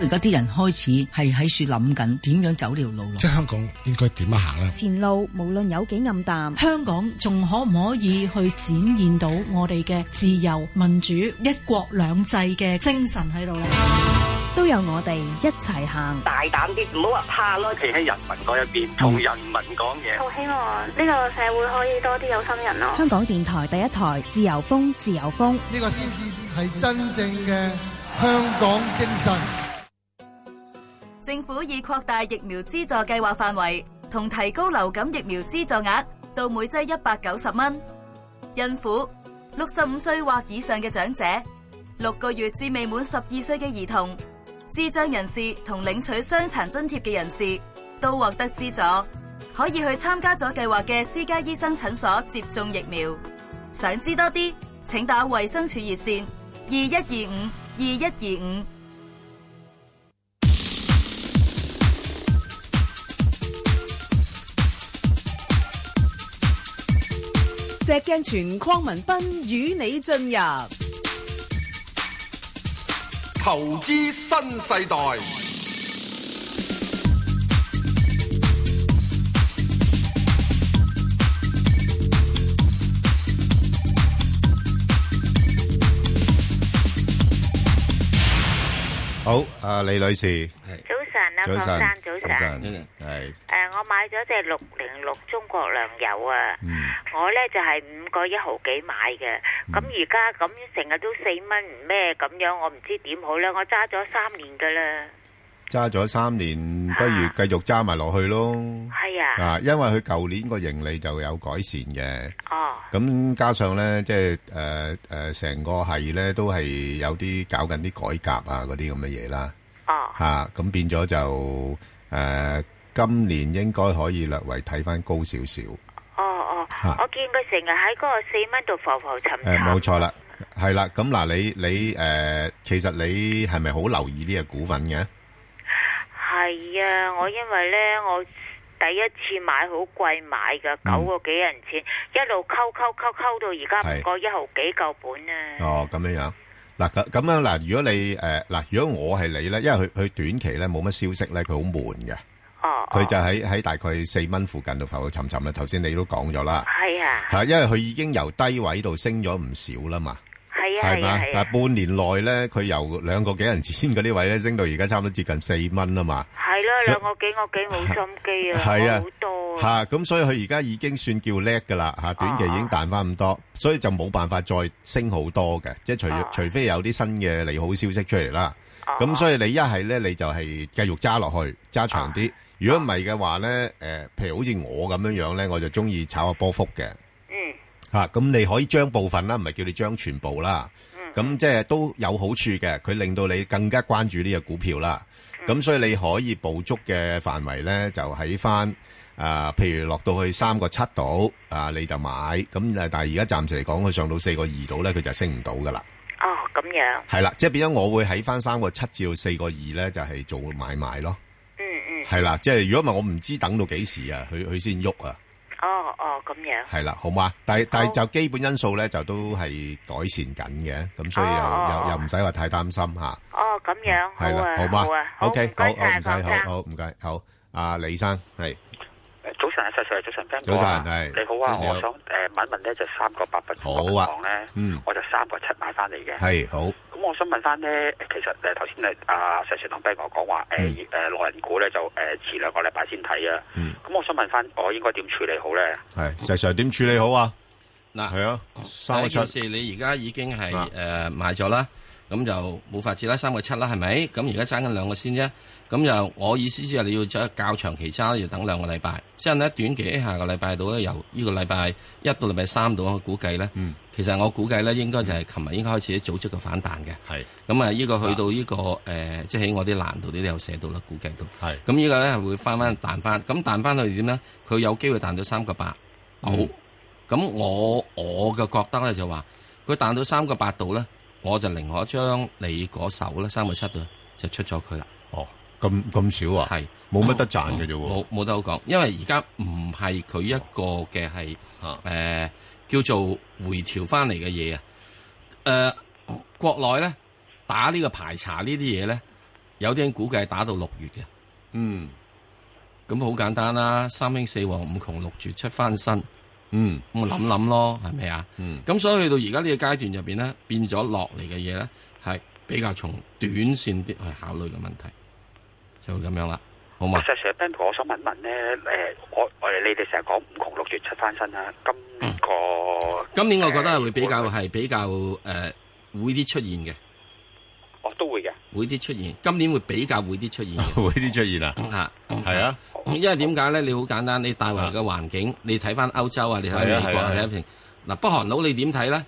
Speaker 5: 而家啲人開始係喺樹諗緊點樣走呢條路咯，即係香港應該點行咧？
Speaker 1: 前路無論有幾暗淡，香港仲可唔可以去展現到我哋嘅自由、民主、一國兩制嘅精神喺度咧？ (music) 都有我哋一齊行，大膽啲，唔好話怕咯。企喺人民嗰一邊，同人民講
Speaker 5: 嘢。好。
Speaker 1: (music) 希望
Speaker 6: 呢個社會可
Speaker 4: 以多啲有心人咯、啊。香港
Speaker 1: 電台第一台自由風，自由風，呢個
Speaker 9: 先至係真正嘅香港精神。
Speaker 2: 政府已擴大疫苗資助計劃範圍，同提高流感疫苗資助額
Speaker 1: 到每劑一百九十蚊。孕婦、六十五歲或以上嘅長者、六個月至未滿十二歲嘅兒童、智障人士同領
Speaker 2: 取傷殘津貼嘅人士都獲得資助，可以去參加咗計劃嘅私家醫生診所接種疫苗。想知多啲，請打衛生署熱
Speaker 5: 線二一二五二一二五。石鏡泉、鄺民彬與你進入
Speaker 6: 投資新世代。
Speaker 7: 好，阿、呃、李女士係。
Speaker 5: 早晨，
Speaker 9: 早
Speaker 5: 晨，係。誒，我買咗隻六零六中國糧油啊。嗯。我咧就係五個一毫幾買嘅。嗯。咁而家咁成日都四蚊唔咩咁樣，我唔知點好咧。我揸咗三年噶啦。
Speaker 7: 揸咗三年，不如繼續揸埋落去咯。係啊。啊，因為佢舊年個盈利就有改善嘅。哦。咁加上咧，即係誒誒，成個係咧都係有啲搞緊啲改革啊，嗰啲咁嘅嘢啦。哦，吓，咁變咗就誒，今年應該可以略為睇翻高少少。
Speaker 5: 哦哦，我見佢成日喺嗰個四蚊度浮浮沉沉。誒，冇錯
Speaker 7: 啦，係啦，咁嗱，你你誒，其實你係咪好留意呢個股份嘅？
Speaker 5: 係啊，我因為咧，我第一次買好貴買噶，九個幾銀錢，一路溝溝溝溝到而家唔過一毫幾夠本啊！
Speaker 7: 哦，咁樣樣。嗱，咁咁樣嗱，如果你誒嗱、呃，如果我係你咧，因為佢佢短期咧冇乜消息咧，佢好悶嘅，
Speaker 9: 佢、oh, oh. 就喺
Speaker 7: 喺大概四蚊附近度浮浮沉沉啦。頭先你都講咗啦，係啊，係因為佢已經由低位度升咗唔少啦嘛。係嘛？啊，但係半年內咧，佢由兩個幾銀錢嗰啲位咧，升到而家差唔多接近四蚊啊嘛。
Speaker 9: 係咯，兩個幾我幾冇心
Speaker 7: 機啊，好多。係咁，所以佢而家已經算叫叻噶啦。吓，短期已經彈翻咁多，所以就冇辦法再升好多嘅。即係除除非有啲新嘅利好消息出嚟啦。咁所以你一係咧，你就係繼續揸落去，揸長啲。如果唔係嘅話咧，誒，譬如好似我咁樣樣咧，我就中意炒下波幅嘅。吓咁、啊、你可以將部分啦，唔係叫你將全部啦。咁、嗯、即係都有好處嘅，佢令到你更加關注呢隻股票啦。咁、嗯、所以你可以捕捉嘅範圍咧，就喺翻誒，譬如落到去三個七度啊，你就買。咁但係而家暫時嚟講，佢上到四個二度咧，佢就升唔到噶啦。哦，咁樣係啦，即係變咗我會喺翻三個七至到四個二咧，就係、是、做買賣咯。嗯嗯，係、嗯、啦，即係如果唔係我唔知等到幾時啊，佢佢先喐啊。哦哦，咁樣係啦，好嘛？但係但係就基本因素咧，就都係改善緊嘅，咁所以又又又唔使話太擔心吓。哦，
Speaker 9: 咁樣係啦，好嘛？好 ok 好好，唔使，好好
Speaker 7: 唔該，好阿李生係。
Speaker 9: 早晨啊，石 Sir，早晨，Ben 哥，早、
Speaker 7: 欸、晨，你好啊，
Speaker 6: 我想誒問問呢隻三個八分。好、呃、啊，咧，我就三個七買翻嚟嘅，係好。咁我想問翻咧，其實誒頭先誒阿石 Sir 同 Ben 哥，講話誒誒內
Speaker 8: 銀股咧就誒遲兩個禮拜先睇啊，咁、嗯、我想問翻我應該點處理好咧？
Speaker 7: 係石 Sir 點處理好啊？嗱係啊，三個、啊啊、七，
Speaker 8: 七你而家已經係誒、啊啊、買咗啦。咁就冇法子啦，三個七啦，係咪？咁而家爭緊兩個先啫。咁就我意思之係你要再較長期差，要等兩個禮拜。之後咧，短期下個禮拜到呢，由呢個禮拜一到禮拜三度，我估計呢。嗯、其實我估計呢，應該就係琴日應該開始啲組織嘅反彈嘅。係。咁啊，呢個去到呢個誒，即係喺我啲欄度呢，都有寫到啦，估計到。係。咁呢個呢，係會翻翻彈翻，咁彈翻去點呢？佢有機會彈到三個八好，咁、嗯、我，我嘅覺得呢，就話，佢彈到三個八度呢。我就另外將你嗰手咧，三個七度就出咗佢啦。哦，咁咁少啊？係冇乜得賺嘅啫喎。冇冇得好講，因為而家唔係佢一個嘅係誒叫做回調翻嚟嘅嘢啊。誒、呃，國內咧打呢個排查呢啲嘢咧，有啲人估計打到六月嘅。嗯，咁好、嗯、簡單啦、啊，三興四旺五窮六絕七翻身。
Speaker 9: 嗯，咁我諗諗咯，
Speaker 8: 係咪啊？嗯，咁所以去到而家呢個階段入邊咧，變咗落嚟嘅嘢咧，係比較從短線啲去考慮嘅問題，就咁樣啦，好嘛？其
Speaker 6: 實我想問一問咧，誒，我我哋你哋成日講五窮六絕七翻身啦，今
Speaker 8: 個今年我覺得係會比較係比較誒、呃、會啲出現嘅。都會嘅，會啲出現，今年會比較會啲出現，會啲 (laughs) 出現啊，嗯、啊，係啊，因為點解咧？你好簡單，你大圍嘅環境，啊、你睇翻歐洲啊，你睇美國啊，睇一平，嗱、啊啊啊、北韓佬你點睇咧？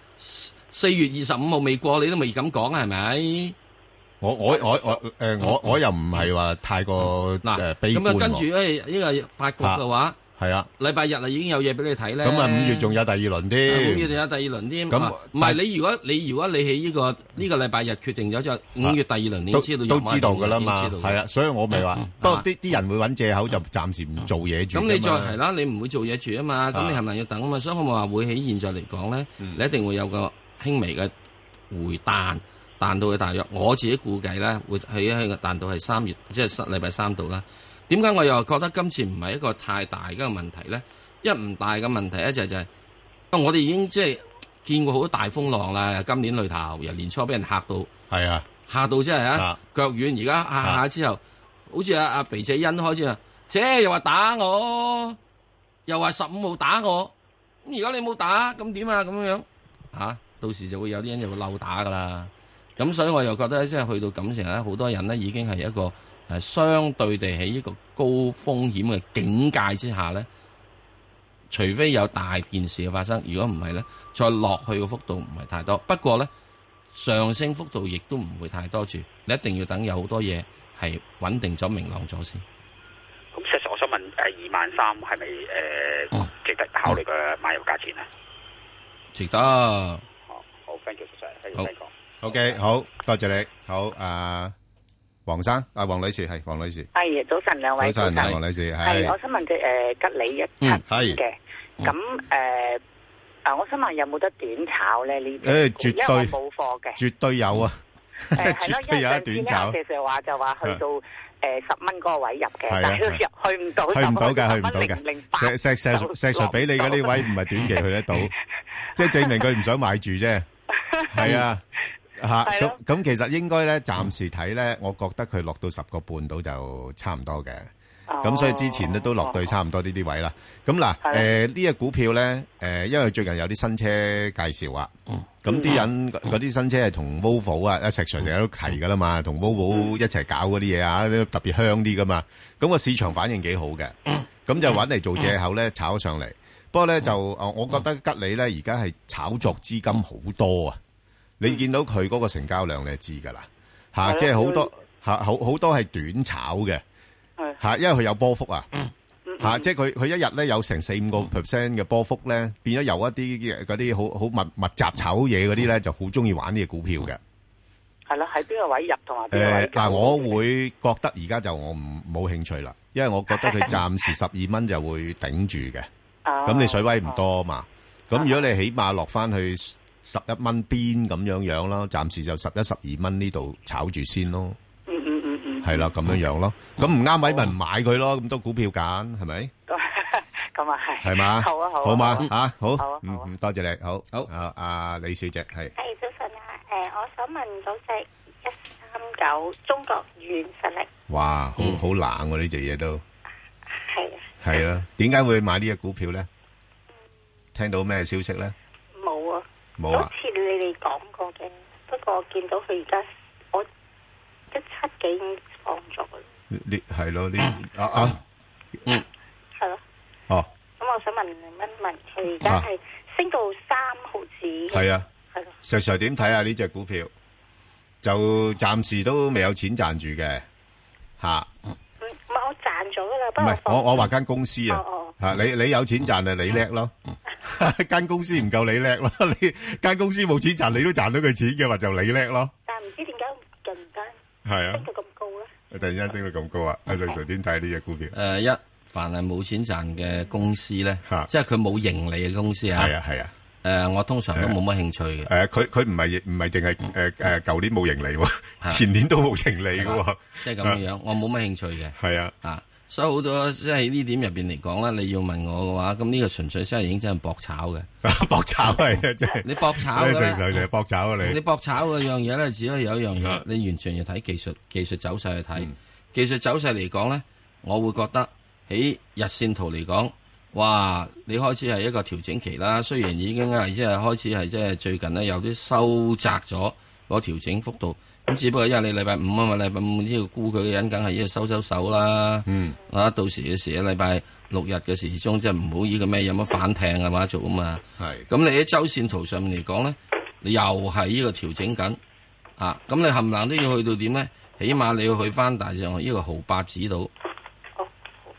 Speaker 8: 四月二十五號未過，你都未敢講係咪？
Speaker 7: 我我我我誒，我我，我，我又唔係話太過誒悲觀咁、哎、啊，跟住
Speaker 8: 誒呢個法國嘅話。係啊，禮拜日啊已經有嘢俾你睇咧。咁啊，五月仲有
Speaker 7: 第二輪添。五月仲
Speaker 8: 有第二輪添。咁唔係，你如果你如果你喺呢個依個禮拜日決定咗，就五月第二輪，你都知道都知道噶啦嘛。係啊，
Speaker 7: 所以我咪話，不過啲啲人會揾藉口就暫時唔做嘢住。咁你再係
Speaker 8: 啦，你唔會做嘢住啊嘛。咁你係咪要等啊嘛？所以我咪話會喺現在嚟講咧，你一定會有個輕微嘅回彈，彈到去大約我自己估計咧，會喺喺個彈到係三月，即係禮拜三度啦。點解我又覺得今次唔係一個太大嘅問題咧？一唔大嘅問題咧就就係、係，我哋已經即係見過好多大風浪啦。今年裏頭由年初俾人吓到，係啊吓到真係啊腳軟。而家吓下之後，啊、好似阿阿肥仔欣開始後，即、啊、又話打我，又話十五號打我。咁而家你冇打，咁點啊？咁樣樣啊？到時就會有啲人就會漏打噶啦。咁所以我又覺得即係去到感情咧，好多人咧已經係一個。係相對地喺一個高風險嘅境界之下咧，除非有大件事嘅發生，如果唔係咧，再落去嘅幅度唔係太多。不過咧，上升幅度亦都唔會太多住。你一定要等有好多嘢係穩定咗、明朗咗先。
Speaker 6: 咁、嗯，其實我想問誒，二萬三係咪誒值得考
Speaker 7: 慮嘅買入價錢啊？值得。好，okay, 好，thank you，多謝，繼續聽講。好嘅，好多謝你，好啊。Uh 黃生，阿黃女士係黃女士，係
Speaker 5: 早晨兩位早晨，黃女士係，我想問隻誒吉利一格嘅，咁誒，啊，我想問有冇得短炒咧呢啲？誒，絕對冇貨嘅，絕
Speaker 7: 對有啊，係咯，有得短炒嘅，就係
Speaker 5: 話就話去到誒十蚊嗰個位入嘅，但係入去唔到，去唔到嘅，去唔到嘅，零零八
Speaker 7: 到，石石石石石石俾你嘅呢位，唔係短期去得到，即係證明佢唔想買住啫，係啊。吓，咁咁，其實應該咧，暫時睇咧，我覺得佢落到十個半度就差唔多嘅。咁所以之前咧都落到差唔多呢啲位啦。咁嗱，誒呢隻股票咧，誒、呃、因為最近有啲新車介紹啊，咁啲人嗰啲新車係同 Volvo 啊、a c t 成日都提噶啦嘛，同 Volvo 一齊搞嗰啲嘢啊，特別香啲噶嘛。咁個市場反應幾好嘅，咁就搵嚟做借口咧炒咗上嚟。不過咧、嗯、就我覺得吉利咧而家係炒作資金好多啊。你見到佢嗰個成交量你就，你係知噶啦，嚇！即係會、啊、好，好多嚇，好好多係短炒嘅，嚇的，因為佢有波幅啊，嚇！即係佢佢一日咧有成四五個 percent 嘅波幅咧，嗯、變咗有一啲嗰啲好好密密集炒嘢嗰啲咧，就好中意玩呢個股票嘅。係
Speaker 3: 啦，喺邊個位入同埋邊個位嗱，
Speaker 7: 呃、但我會覺得而家就我唔冇興趣啦，因為我覺得佢暫時十二蚊就會頂住嘅。咁 (laughs) 你水位唔多啊嘛，咁如果你起碼落翻去，十一蚊邊咁樣樣咯，暫時就十一十二蚊呢度炒住先咯。嗯嗯嗯嗯，
Speaker 9: 係啦咁
Speaker 7: 樣樣咯。咁唔啱位咪唔買佢咯。咁多股票揀係咪？
Speaker 9: 咁啊係。係嘛？好啊好。好嘛吓？好。好啊。嗯嗯，
Speaker 7: 多謝你。好。好。阿阿李小姐係。早晨啊，誒，我想
Speaker 9: 問嗰隻一
Speaker 5: 三九中國
Speaker 7: 軟實力。哇，好好冷喎呢隻嘢都。係啊。係啊。點解會買呢隻股票咧？聽到咩消息咧？
Speaker 5: 好似你
Speaker 9: 哋講過嘅，不過我見到佢而家我一七幾放咗。呢係咯，呢
Speaker 5: 啊啊，嗯，係咯，哦。咁我想問問問佢而家係升到三
Speaker 7: 毫紙。係啊，係咯。石 Sir，點睇下呢隻股票，就暫時都未有錢賺住嘅，嚇。唔唔係我賺咗啦，幫我放。唔係我我話間公司啊。吓、啊、你！你有錢賺、嗯、 (laughs) (laughs) 就你叻咯，間公司唔夠你叻咯，你間公司冇錢賺你都賺到佢錢嘅話就你叻咯。但係唔知點解近唔得，升到咁高咧、啊啊，突然間
Speaker 8: 升到咁高啊？我就隨便睇呢隻股票。誒、啊，一凡係冇錢賺嘅公司咧，啊、即係佢冇
Speaker 7: 盈利嘅公司啊。係啊係啊。誒、啊啊，我通常都冇乜興趣嘅。誒、啊，佢佢唔係唔係淨係誒誒，舊、呃、年冇盈利喎、啊， (laughs) 前年都冇盈利嘅、啊。啊、即係咁嘅樣，啊、我冇乜興趣嘅。係啊。啊
Speaker 8: 所以好多即係呢點入邊嚟講啦，你要問我嘅話，咁呢個純粹真係已經 (laughs) 真係搏炒嘅，搏 (laughs) 炒嚟，啊，即係你搏炒搏炒啊！你你搏炒嗰樣嘢咧，只可以有一樣嘢，你完全要睇技術、技術走勢去睇。嗯、技術走勢嚟講咧，我會覺得喺日線圖嚟講，哇！你開始係一個調整期啦，雖然已經係即係開始係即係最近咧有啲收窄咗嗰調整幅度。咁只不過因為你禮拜五啊嘛，禮拜五呢度沽佢嘅人，梗係度收收手啦。嗯，啊，到時嘅時，禮拜六日嘅時鐘，即係唔好依個咩有乜反艇啊嘛做啊嘛。係的，咁你喺周線圖上面嚟講咧，你又係呢個調整緊啊。咁你冚唪唥都要去到點咧？起碼你要去翻大上呢、呢個毫八子度。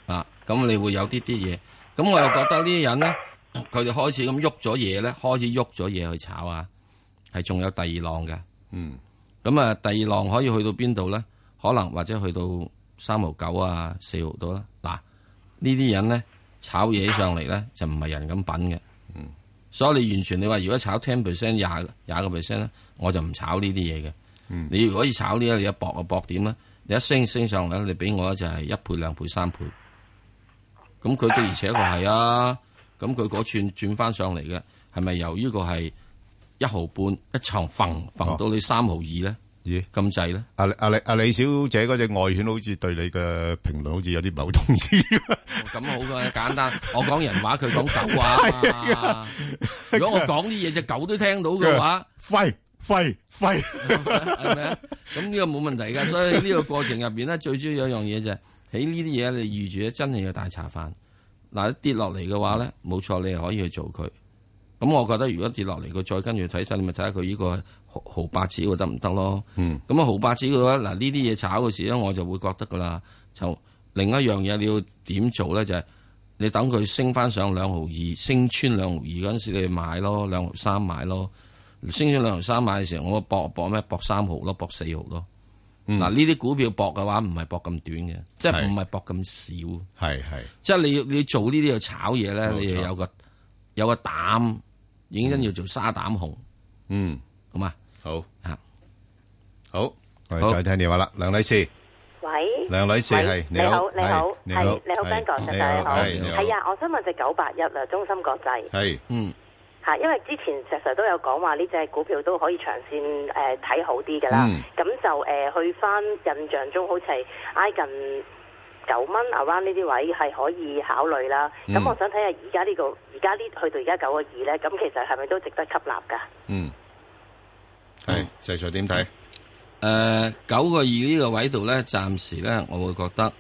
Speaker 8: 啊，咁你會有啲啲嘢。咁我又覺得呢啲人咧，佢哋開始咁喐咗嘢咧，開始喐咗嘢去炒啊，係仲有第二浪嘅。嗯。咁啊，第二浪可以去到邊度咧？可能或者去到三毫九啊，四毫度啦。嗱，呢啲人咧，炒嘢上嚟咧，就唔係人咁品嘅。嗯。所以你完全你話如果炒 ten percent 廿廿個 percent 咧，我就唔炒呢啲嘢嘅。嗯。你如果可以炒呢一，你一搏啊搏點咧？你一升一升上嚟，你俾我咧就係一倍、兩倍、三倍。咁佢嘅而且確係啊，咁佢嗰串轉翻上嚟嘅，係咪由於個係？一毫半一場縫縫到
Speaker 7: 你三毫二咧，咦咁滯咧？阿阿李阿李小姐嗰隻外犬好似對你嘅評論好似有啲唔 (laughs) 好意思。咁好嘅，簡單。我講人話，佢講狗話的、啊。如果我講
Speaker 8: 啲嘢，隻狗都聽到嘅話，
Speaker 7: 揮揮揮，
Speaker 9: 係咪咁呢個冇問題嘅。所以呢個
Speaker 8: 過程入邊咧， (laughs) 最主要有一樣嘢就係喺呢啲嘢你預住咧，真係要大茶飯。嗱，跌落嚟嘅話咧，冇錯你就可以去做佢。咁、嗯、我覺得如果跌落嚟佢再跟住睇睇，你咪睇下佢呢個毫八子得唔得咯？嗯。咁啊毫八子嘅話，嗱呢啲嘢炒嘅時咧，我就會覺得噶啦。就另一樣嘢你要點做咧？就係、是、你等佢升翻上兩毫二，升穿兩毫二嗰陣時，你買咯，兩毫三買咯。升穿兩毫三買嘅時候，我搏搏咩？搏三毫咯，搏四毫咯。
Speaker 1: 嗱呢
Speaker 8: 啲股票搏嘅話，唔係搏咁短嘅，即係唔係搏咁少。係係。即係你你做呢啲嘢炒嘢咧，你又有個有個,有個膽。影音要做沙膽紅，嗯，
Speaker 7: 好嘛，好啊，好，我哋再聽電話啦，梁女士，喂，梁女士
Speaker 5: 係你好，
Speaker 9: 你好，你好，你好，你好，你好，你好，係
Speaker 5: 啊，我想問隻九八一啦，中芯國際，係，嗯，吓，因為之前石 Sir 都有講話呢隻股票都可以長線誒睇好啲噶啦，咁就誒去翻印象中好似係挨近。九蚊 around 呢啲位係可以考慮啦。咁、
Speaker 9: 嗯、我想
Speaker 8: 睇下而家呢個，而家呢去到而家九個二呢，咁其實係咪都值得吸納噶？嗯，係、嗯，謝才點睇？誒，九個二呢個位度呢，暫時呢，我會覺得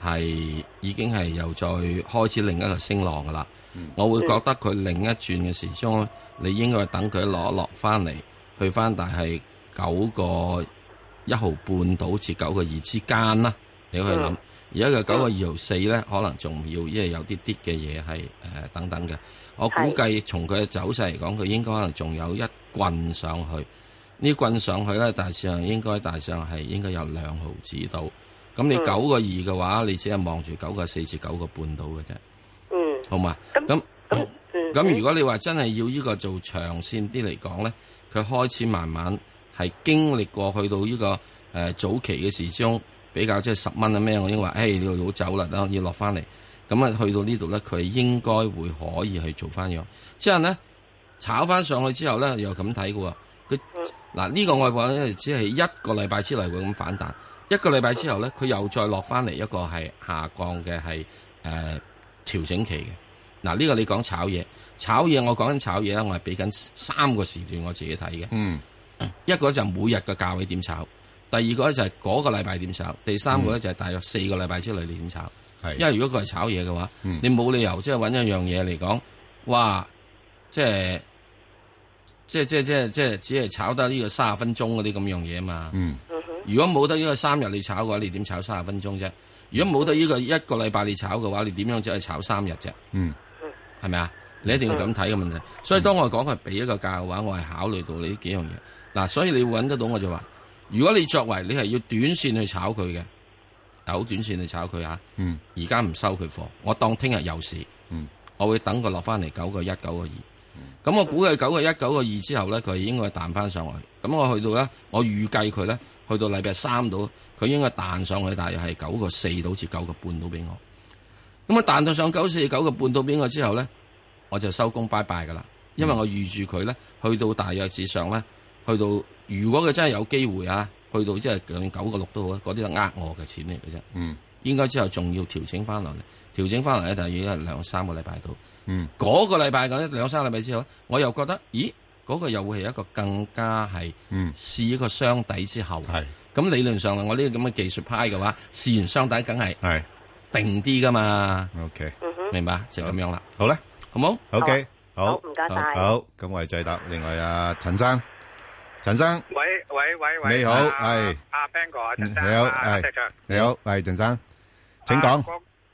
Speaker 8: 係已經係又再開始另一個升浪噶啦。嗯、
Speaker 9: 我會覺
Speaker 8: 得佢另一轉嘅時鐘，你應該等佢落落翻嚟，去翻，但係九個一毫半到至九個二之間啦，你可以去諗。嗯而家嘅九個二毫四咧，24，嗯、可能仲要，因為有啲啲嘅嘢係誒等等嘅。我估計從佢嘅走勢嚟講，佢應該可能仲有一棍上去。呢棍上去咧，大上應該大上係應，應該有兩毫紙到。咁你九個二嘅話，嗯、你只係望住九個四至九個半到嘅啫。嗯，好嘛？咁咁那、嗯、如果你話真係要呢個做長線啲嚟講咧，佢開始慢慢係經歷過去到呢、呢個誒、呃、早期嘅時鐘。比較即係十蚊啊咩？我已經話誒，你、欸、好走啦，要落翻嚟。咁啊，去到呢度咧，佢應該會可以去做翻嘢。之後咧，炒翻上去之後咧，又咁睇嘅喎。佢嗱呢個外國咧，只係一個禮拜之內會咁反彈。一個禮拜之後咧，佢又再落翻嚟一個係下降嘅係誒調整期嘅。嗱呢、呢個你講炒嘢，炒嘢我講緊炒嘢咧，我係俾緊三個時段我自己睇嘅。嗯，一個就每日嘅價位點炒。第二個咧就係嗰個禮拜點炒，第三個咧就係大約四個禮拜之內你點炒？係的因為如果佢係炒嘢嘅話，嗯、你冇理由即係揾一樣嘢嚟講，哇！即係即係即係即係只係炒得呢個三十分鐘嗰啲咁樣嘢嘛？
Speaker 9: 嗯、
Speaker 8: 如果冇得呢個三日你炒嘅話，你點炒三十分鐘啫？如果冇得呢個一個禮拜你炒嘅話，你點樣只係炒三日啫？嗯，係咪啊？你一定要咁睇嘅問題。嗯、所以當我講佢俾一個價嘅話，我係考慮到你呢幾樣嘢嗱、啊。所以你揾得到我就話。如果你作為你係要短線去炒佢嘅，好短線去炒佢啊！而家唔收佢貨，我當聽日有事，我會等佢落翻嚟，九個一、九個二。咁我估計九個一、九個二之後咧，佢應該彈翻上去。咁我去到咧，我預計佢咧，去到禮拜三到，佢應該彈上去大，大約係九個四到至九個半到俾我。咁啊，彈到上九四九個半到俾我之後咧，我就收工拜拜噶啦。因為我預住佢咧，去到大約至上咧，去到。如果佢真係有機會啊，去到即係兩九個六都好啊，嗰啲係呃我嘅錢嚟嘅啫。嗯，應該之後仲要調整翻落嚟，調整翻嚟咧，大概兩三個禮拜度。嗯，嗰個禮拜咁兩三個禮拜之後，我又覺得，咦，嗰個又會係一個更加係試一個雙底之後。係咁理論上，我呢個咁嘅技術派嘅話，試完雙底，梗係
Speaker 7: 定啲噶嘛。O K，明白就咁樣啦。好咧，好冇？O K，好唔該曬。好，咁我哋再打另外阿陳生。陳生，
Speaker 9: 喂喂喂喂，你好
Speaker 7: 係阿 Bang 哥啊，陳生啊，石 Sir，你好係陳生，請講。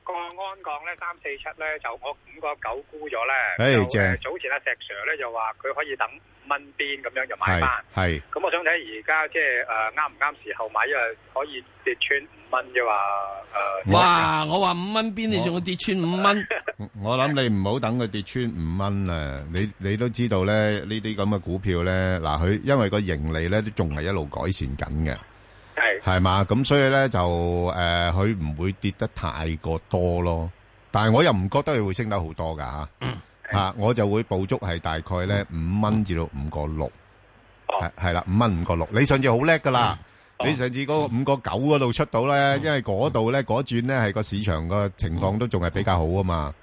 Speaker 7: 個鞍鋼咧，三四七咧，就我五個九沽咗咧，誒正。早
Speaker 2: 前阿石 Sir 咧就話佢可以等五蚊邊咁樣就
Speaker 6: 買翻，
Speaker 7: 係。
Speaker 2: 咁我想睇而家即係誒啱唔啱時候買，因為可以跌穿五蚊啫話誒。
Speaker 7: 哇！我話五蚊邊你仲要跌穿五蚊？我諗你唔好等佢跌穿五蚊啦，你你都知道咧，呢啲咁嘅股票咧，嗱佢因為個盈利咧都仲係一路改善緊嘅，係係嘛，咁所以咧就誒佢唔會跌得太過多咯。但係我又唔覺得佢會升得好多噶吓，吓我就會捕捉係大概咧五蚊至到五個六，係係啦，五蚊五個六，你上次好叻噶啦，你上次嗰個五個九嗰度出到咧，因為嗰度咧嗰轉咧係個市場個情況都仲係比較好啊嘛。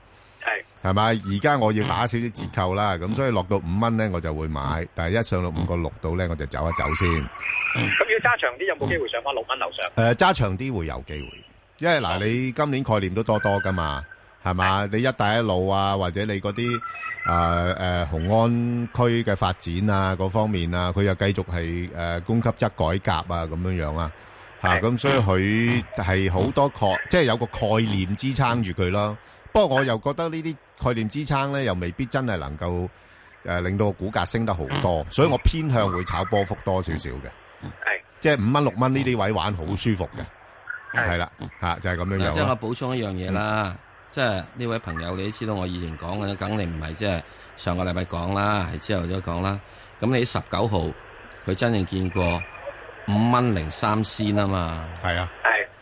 Speaker 7: 係嘛？而家我要打少啲折扣啦，咁所以落到五蚊咧，我就會買。但係一上到五個六度咧，我就走一走先。咁要揸長啲，有冇機會上翻六蚊樓上？誒，揸長啲會有機會，因為嗱，嗯、你今年概念都多多噶嘛，係嘛？嗯、你一帶一路啊，或者你嗰啲啊誒雄安區嘅發展啊，嗰方面啊，佢又繼續係誒、呃、供給側改革啊，咁樣樣啊，嚇咁、嗯，啊、所以佢係好多概，即、就、係、是、有個概念支撐住佢咯。不過我又覺得呢啲概念支撐咧，又未必真係能夠誒、呃、令到個股價升得好多，所以我偏向會炒波幅多少少嘅，係、嗯、即係五蚊六蚊呢啲位玩好舒服嘅，
Speaker 9: 係啦
Speaker 7: 嚇，就係咁樣樣。嗯啊、即係我
Speaker 8: 補充一樣嘢啦，即係呢位朋友你都知道，我以前講嘅梗你唔係即係上個禮拜講啦，係之後都講啦。咁你十九號佢真正見過五蚊零三仙啊嘛，係啊。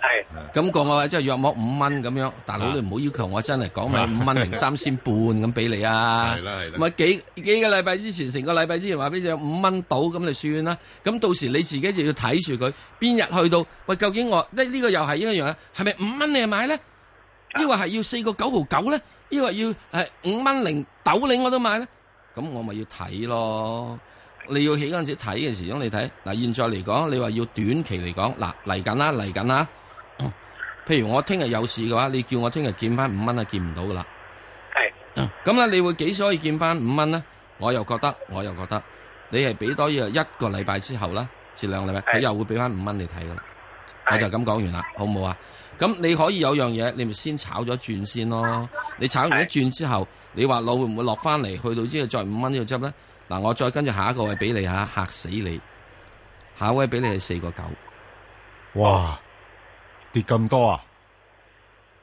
Speaker 8: 係，咁個位即係約莫五蚊咁樣，大佬你唔好要,要求我真係講明的的五蚊零三仙半咁俾你啊！咪幾幾個禮拜之前，成個禮拜之前話俾你，五蚊到咁就算啦。咁到時你自己就要睇住佢，邊日去到喂？究竟我呢？呢、這個又係一樣，係咪五蚊你買咧？抑或係要四個九毫九咧？抑或要誒五蚊零九零我都買咧？咁我咪要睇咯。你要起嗰陣時睇嘅時候，你睇嗱。現在嚟講，你話要短期嚟講，嗱嚟緊啦，嚟緊啦。譬如我聽日有事嘅話，你叫我聽日見翻五蚊啊，見唔到噶啦。係、嗯。咁啦，你會幾時可以見翻五蚊呢？我又覺得，我又覺得，你係俾多一個禮拜之後啦，前兩禮拜佢又會俾翻五蚊你睇噶啦。係。我就咁講完啦，好唔好啊？咁你可以有樣嘢，你咪先炒咗轉先咯。你炒完一轉之後，你話我會唔會落翻嚟？去到之後再五蚊呢度執呢？嗱，我再跟住下一個位俾你吓，嚇死你！下一位俾你係四個九，
Speaker 7: 哇！跌咁多啊！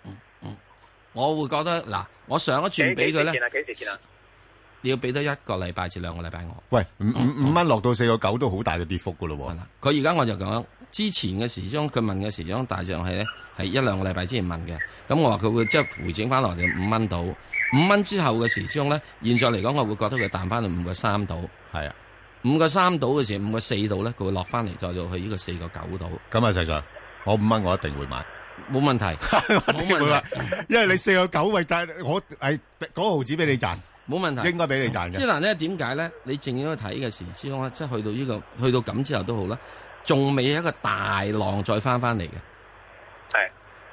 Speaker 7: 嗯嗯，
Speaker 8: 我會覺得嗱，我上一轉俾佢咧，幾時見啊？幾時見啊？你要俾多一個禮拜至兩個禮拜我。
Speaker 7: 喂，五五蚊落到四個九都好大嘅跌幅噶咯
Speaker 8: 喎。係啦，佢而家我就講之前嘅時鐘，佢問嘅時鐘大約係咧，係一兩個禮拜之前問嘅。咁我話佢會即係回整翻落嚟五蚊到，五蚊之後嘅時鐘咧，現在嚟講我會覺得佢彈翻到五個三到。係啊，五個三到嘅時，五個四度咧，佢會落
Speaker 7: 翻嚟再到去呢個四個九度。咁啊，石 Sir 我五蚊我一定會買，冇問題，冇問題， (laughs) 我一定會買，冇問題，因為你四、個九位價，我誒嗰毫子俾你賺，冇問題，應該俾你賺。
Speaker 8: 即係呢點解咧？你正因去睇嘅時，始即係去到呢、這個去到咁之後都好啦，仲未一個大浪再翻翻嚟嘅。係誒，即係、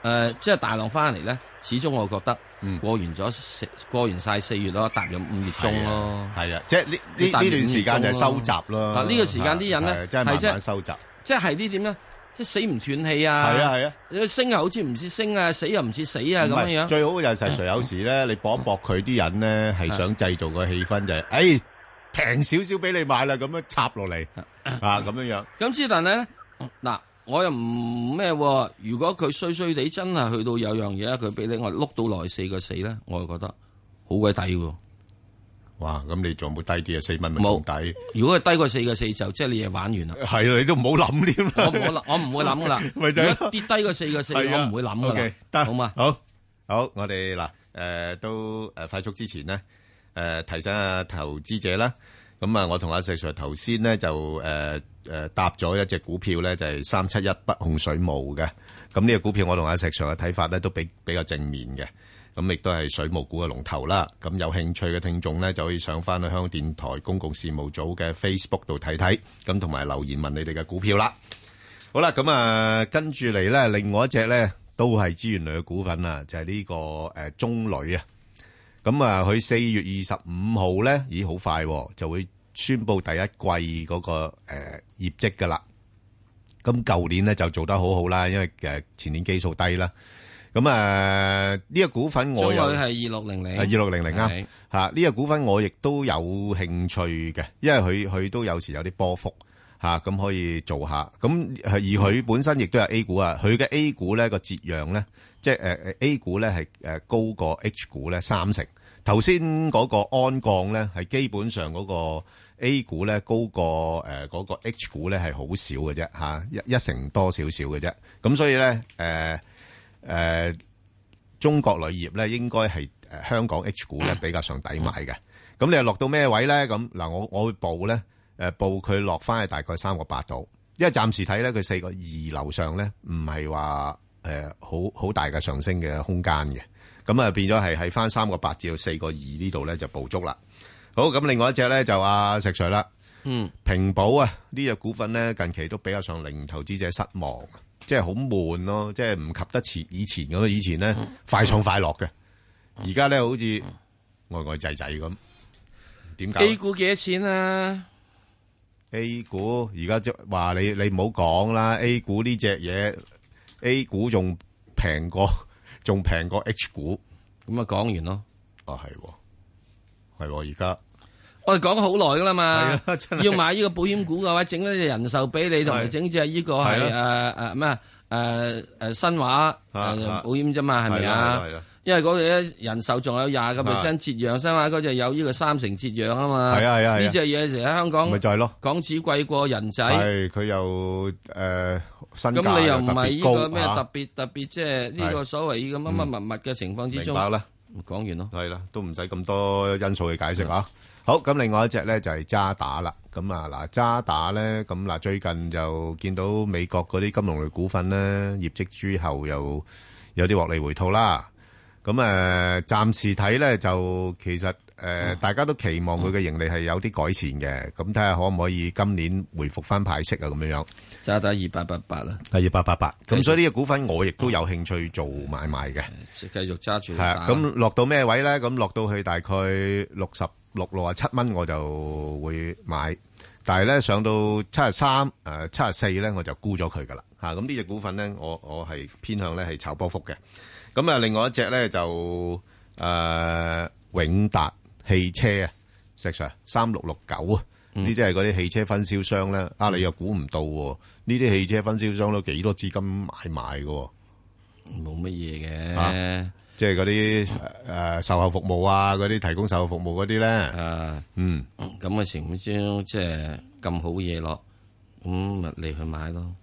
Speaker 8: 呃就是、大浪翻嚟咧，始終我覺得嗯過完咗過完晒四月咯，踏入五月
Speaker 7: 中咯，係啊，即係呢呢段時間就收集咯、啊。嗱呢個時間啲人咧，即係、啊就是、慢,慢收集，即係、
Speaker 8: 就是就是、呢點咧。即死唔斷氣啊！係啊係啊，升啊好似唔似升啊，
Speaker 7: 死又唔似死啊咁樣。最好嘅就係誰有時咧，你搏一搏佢啲人咧，係想製造個氣氛就係，誒平少少俾你買啦，咁樣插落嚟啊咁樣樣。
Speaker 8: 咁之但咧嗱，我又唔咩喎？如果佢衰衰地真係去到有樣嘢，佢俾你我碌到來四個四咧，我就覺得
Speaker 7: 好鬼抵喎。哇，咁你仲有冇低啲啊？四蚊咪仲抵。
Speaker 8: 如果係低過四個四就即、是、係你嘢玩完啦。係啊，
Speaker 7: 你都唔好諗添。我唔我唔會諗噶啦。 (laughs) 如果跌低過四個四，的我唔會諗噶啦。Okay, 好嘛嗎，好好，我哋嗱誒都誒、呃、快速之前呢，誒、呃、提醒下投資者啦。咁、呃、啊，我同阿石 Sir 頭先呢，就誒誒搭咗一隻股票咧就係三七一北控水務嘅。咁呢個股票我同阿石 Sir 嘅睇法咧都比比較正面嘅。咁亦都係水務股嘅龍頭啦。咁有興趣嘅聽眾咧，就可以上翻去香港電台公共事務組嘅 Facebook 度睇睇。咁同埋留言問你哋嘅股票啦。好啦，咁啊，跟住嚟咧，另外一隻咧都係資源類嘅股份啊，就係呢個誒中鋁啊。咁啊，佢四月二十五號咧，咦，好快就會宣布第一季嗰個誒業績噶啦。咁舊年咧就做得好好啦，因為誒前年基數低啦。咁誒，呢個股份我有係二
Speaker 8: 六零零，二六零零啱
Speaker 7: 吓。呢個股份我亦都有興趣嘅，因為佢佢都有時有啲波幅吓，咁可以做下。咁而佢本身亦都有 A 股啊，佢嘅 A 股呢個折讓呢，即係誒誒 A 股呢係誒高過 H 股呢三成。頭先嗰個安降呢係基本上嗰個 A 股呢高過誒嗰個 H 股呢係好少嘅啫吓，一一成多少少嘅啫。咁所以呢誒。誒、呃，中國鋁業咧，應該係誒香港 H 股咧，比較上抵買嘅。咁、嗯、你又落到咩位咧？咁嗱，我我會報咧，誒、啊，報佢落翻去大概三個八度，因為暫時睇咧，佢四個二樓上咧，唔係話誒好好大嘅上升嘅空間嘅。咁啊，變咗係喺翻三個八至到四個二呢度咧就捕捉啦。好，咁另外一隻咧就阿、啊、石穗啦，嗯，平保啊呢隻股份咧近期都比較上令投資者失望。即係好悶咯，即係唔及得前，以前咁以前咧、嗯、快上快落嘅，而家咧好似呆呆滯滯咁。點解、啊、A
Speaker 8: 股幾多錢啊
Speaker 7: ？A 股而家即係話你你唔好講啦，A 股呢隻嘢 A 股仲平過仲平過 H 股。咁啊講完咯。啊係，係而家。
Speaker 8: 我哋講好耐噶啦嘛，要買呢個保險股嘅話，整咗隻人壽俾你，同埋整隻呢個係誒誒咩誒誒新華誒保險啫嘛，係咪啊？因為嗰隻人壽仲有廿個 percent 折讓，新華嗰隻有呢個三成折讓啊嘛。係啊係啊係。呢隻嘢成日喺香港，港紙貴過人仔。係
Speaker 9: 佢
Speaker 7: 又誒，咁你又唔係呢個咩特
Speaker 8: 別特別即係呢個所謂呢個乜乜物物嘅情況之中。明白啦，
Speaker 7: 講完咯。係啦，都唔使咁多因素去解釋吓。好，咁，另外一隻咧就係、是、渣打啦。咁啊嗱，渣打咧咁嗱，最近就見到美國嗰啲金融類股份咧，業績之後又有啲獲利回吐啦。咁誒，暫時睇咧就其實誒、呃，大家都期望佢嘅盈利係有啲改善嘅。咁睇下可唔可以今年回復翻派息啊？咁樣樣渣打二八八八啦，係二八八八。咁所以呢個股份我亦都有興趣做買賣嘅。
Speaker 8: 繼、嗯、續揸住係啊。咁
Speaker 7: 落到咩位咧？咁落到去大概六十。六六啊七蚊我就會買，但係咧上到七十三誒七十四咧我就沽咗佢噶啦吓，咁呢隻股份咧我我係偏向咧係炒波幅嘅，咁、嗯、啊另外一隻咧就誒、呃、永達汽車啊，石 Sir 三六六九啊，呢啲係嗰啲汽車分銷商咧，啊你又估唔到呢、啊、啲汽車分銷商都幾多資金買賣噶、啊，冇乜嘢嘅。啊即係嗰啲誒售後服務啊，嗰啲提供售後服務嗰啲咧。誒、啊、嗯，咁嘅情況即係咁好嘢咯，咁咪嚟去買咯。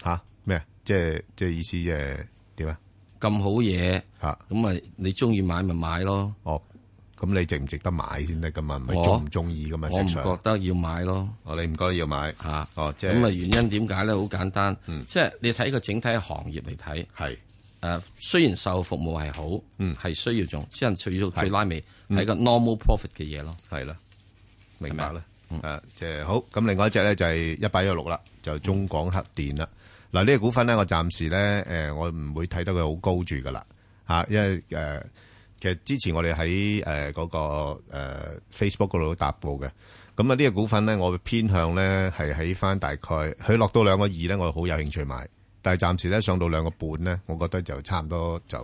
Speaker 7: 吓？咩？即係即係意思即係點啊？咁好嘢嚇，咁咪你中意買咪買咯。哦，咁你值唔值得買先得噶嘛？唔係中唔中意噶嘛？喜喜我唔覺得要買咯。哦，你唔覺得要買嚇？啊、哦，即係咁咪原
Speaker 8: 因點解咧？好簡單，即係你睇一個整體行業嚟睇。係。誒，雖然
Speaker 7: 售服務係好，嗯，係需要做，只能取到最拉尾，係一個 normal profit 嘅嘢咯，係啦，明白咧，誒吧，即係好，咁、嗯、另外一隻咧就係一百一十六啦，就中廣核電啦，嗱呢個股份咧，我暫時咧，誒，我唔會睇得佢好高住噶啦，吓，因為誒、呃，其實之前我哋喺誒嗰個誒 Facebook 度都答過嘅，咁啊呢個股份咧，我偏向咧係喺翻大概佢落到兩個二咧，我好有興趣買。但係暫時咧上到兩個半咧，我覺得就差唔多就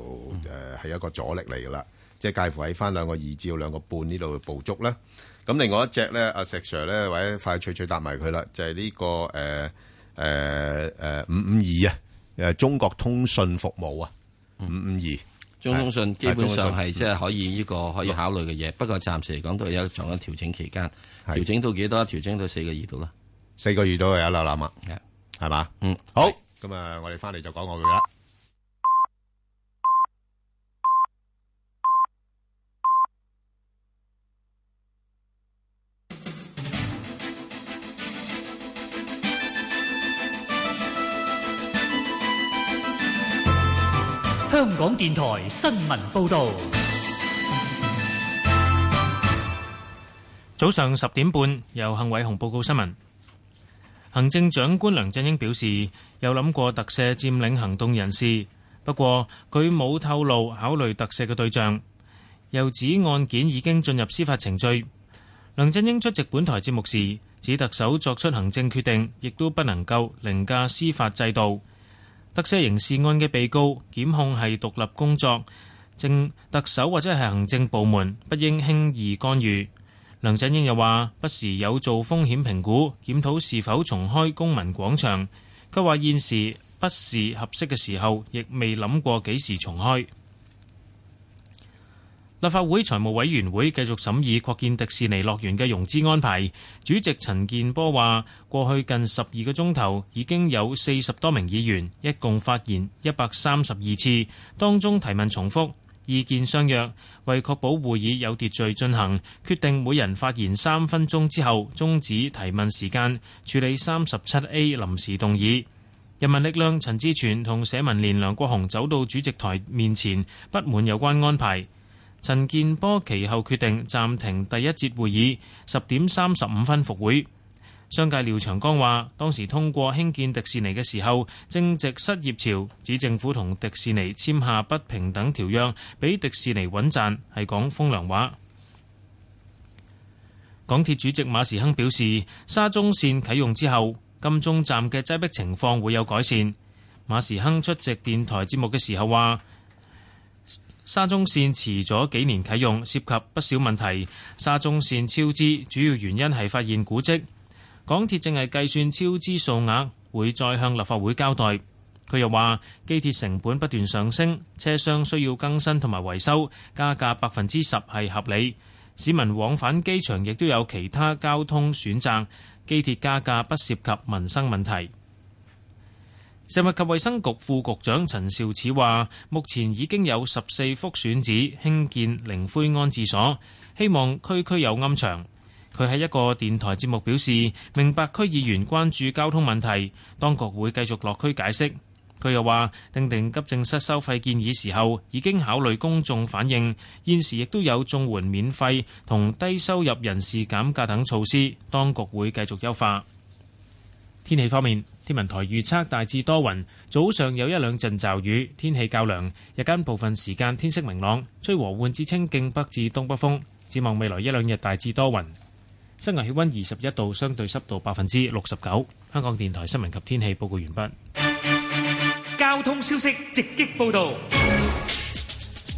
Speaker 7: 誒係、呃、一個阻力嚟㗎啦。即係介乎喺翻兩個二至兩個半呢度去捕捉啦。咁另外一隻咧，阿、啊、石 Sir 咧或者快脆脆答埋佢啦，就係、是、呢、這個誒誒誒五五二啊，誒中國通訊服務啊，五五二中國通訊基本上
Speaker 8: 係即係可以呢個可以考慮嘅嘢。不過暫時嚟講都係有仲有調整期間，調整到幾多？調整到四個二度啦，四個二度，有喇喇嘛？係
Speaker 9: 嘛？嗯，好。
Speaker 7: 嗯。咁啊！我哋翻嚟就講我哋啦。
Speaker 2: 香港電台新聞報道，
Speaker 4: 早上十點半，由幸偉雄報告新聞。行政長官梁振英表示，有諗過特赦佔領行動人士，不過佢冇透露考慮特赦嘅對象。又指案件已經進入司法程序。梁振英出席本台節目時指，特首作出行政決定，亦都不能夠凌駕司法制度。特赦刑事案嘅被告檢控係獨立工作，正特首或者係行政部門，不應輕易干預。梁振英又話：不時有做風險評估，檢討是否重開公民廣場。佢話現時不是合適嘅時候，亦未諗過幾時重開。立法會財務委員會繼續審議擴建迪士尼樂園嘅融資安排。主席陳健波話：過去近十二個鐘頭，已經有四十多名議員，一共發言一百三十二次，當中提問重複。意見相若，為確保會議有秩序進行，決定每人發言三分鐘之後終止提問時間。處理三十七 A 臨時動議，人民力量陳志全同社民連梁國雄走到主席台面前，不滿有關安排。陳建波其後決定暫停第一節會議，十點三十五分復會。商界廖長江話，當時通過興建迪士尼嘅時候正值失業潮，指政府同迪士尼簽下不平等條約，俾迪士尼穩賺係講風涼話。港鐵主席馬時亨表示，沙中綫啟用之後，金鐘站嘅擠迫情況會有改善。馬時亨出席電台節目嘅時候話，沙中綫遲咗幾年啟用，涉及不少問題。沙中綫超支主要原因係發現古蹟。港鐵淨係計算超支數額，會再向立法會交代。佢又話：機鐵成本不斷上升，車廂需要更新同埋維修，加價百分之十係合理。市民往返機場亦都有其他交通選擇，機鐵加價不涉及民生問題。食物及衛生局副局長陳肇始話：目前已經有十四幅選址興建靈灰安置所，希望區區有暗場。佢喺一個電台節目表示，明白區議員關注交通問題，當局會繼續落區解釋。佢又話，訂定急症室收費建議時候已經考慮公眾反應，現時亦都有綜援免費同低收入人士減價等措施，當局會繼續優化。天氣方面，天文台預測大致多雲，早上有一兩陣驟雨，天氣較涼，日間部分時間天色明朗，吹和緩至清勁北至東北風，展望未來一兩日大致多雲。室外氣溫二十一度，相對濕度百分之六十九。香港電台新聞
Speaker 3: 及天氣報告完畢。
Speaker 4: 交通消息直擊報道。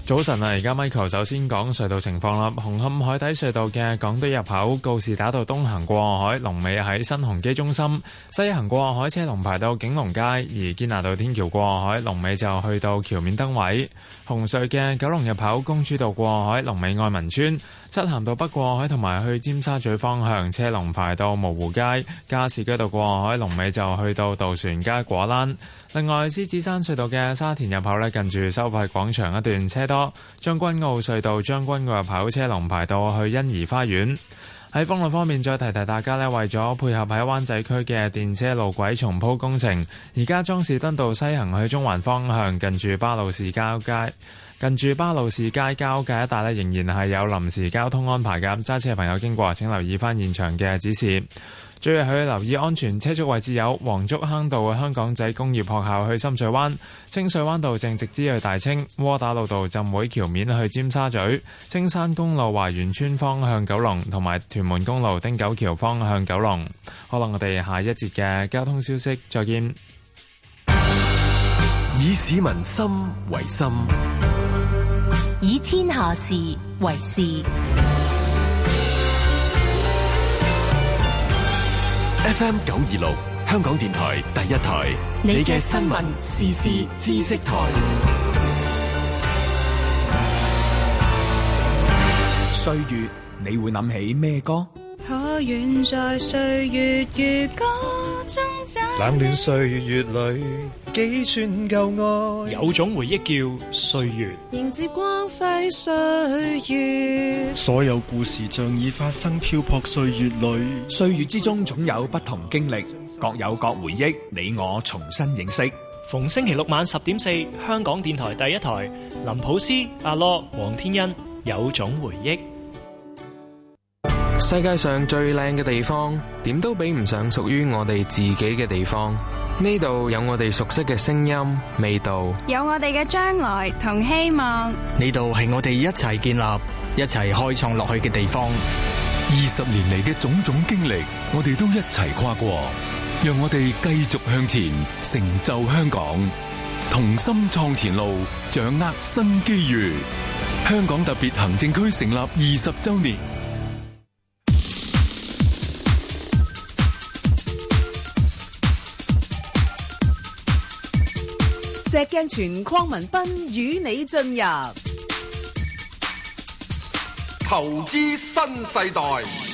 Speaker 3: 早晨啊，而家 Michael 首先講隧道情況啦。紅磡海底隧道嘅港島入口告士打道東行過海，龍尾喺新鴻基中心；西行過海車龍排到景隆街，而堅拿道天橋過海龍尾就去到橋面燈位。紅隧嘅九龍入口公主道過海，龍尾愛民村漆咸道北過海同埋去尖沙咀方向車龍排到蕪湖街、加士居道過海龍尾就去到渡船街果欄。另外，獅子山隧道嘅沙田入口咧，近住收費廣場一段車多。將軍澳隧道將軍澳入口車龍排到去欣怡花園。喺封路方面，再提提大家咧，為咗配合喺灣仔區嘅電車路軌重鋪工程，而家莊士敦道西行去中環方向近住巴路士交街。近住巴路士街交界一帶呢，仍然係有臨時交通安排嘅。揸車嘅朋友經過，請留意翻現場嘅指示。最後去留意安全車速位置有黃竹坑道、香港仔工業學校去深水灣、清水灣道正直至去大清、窩打老道浸會橋面去尖沙咀、青山公路華園邨方向九龍同埋屯門公路汀九橋方向九龍。可能我哋下一節嘅交通消息再見。以市民心為心。
Speaker 2: 天下事為事，FM 九二六香港電台第一台，你嘅新聞時事知識台，歲月你會諗起咩歌？
Speaker 1: 可願在歲月如歌中冷
Speaker 2: 暖歲月裏，
Speaker 1: 幾寸舊愛，有
Speaker 2: 種回憶叫歲月。迎接光輝歲月，所有故事像已發生，漂泊歲月裏，歲月之中總有不同經歷，各有各回憶，你我重新認識。逢星期六晚十點四，香港電台第一台，林普斯、阿樂、黃天恩，有種回憶。世界上最靚嘅地方，點都比唔上屬於我哋自己嘅地方。呢度有我哋熟悉嘅聲音、味道，有我哋嘅將來同希望。呢度係我哋一齊建立、一齊開創落去嘅地方。
Speaker 3: 二十年嚟嘅種種經歷，我哋都一齊跨過。讓我哋繼續向前，成就香港，同心創前路，掌握新機遇。香港特別行政區成立二十周年。
Speaker 5: 石鏡泉鄺民彬與你進入
Speaker 6: 投資新世代。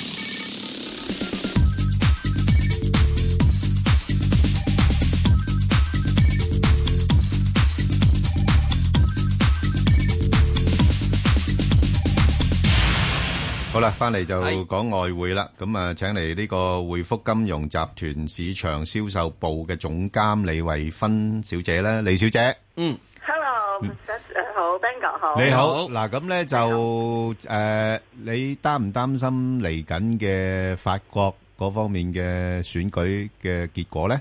Speaker 7: 好啦，翻嚟就講外匯啦。咁啊，請嚟呢個匯福金融集團市場銷售部嘅總監李慧芬小姐啦。李小姐，
Speaker 9: 嗯，Hello，好，Ben 哥好。你好，
Speaker 7: 嗱，咁咧就誒，你擔唔擔心嚟緊嘅法國嗰方面嘅選舉嘅結果咧？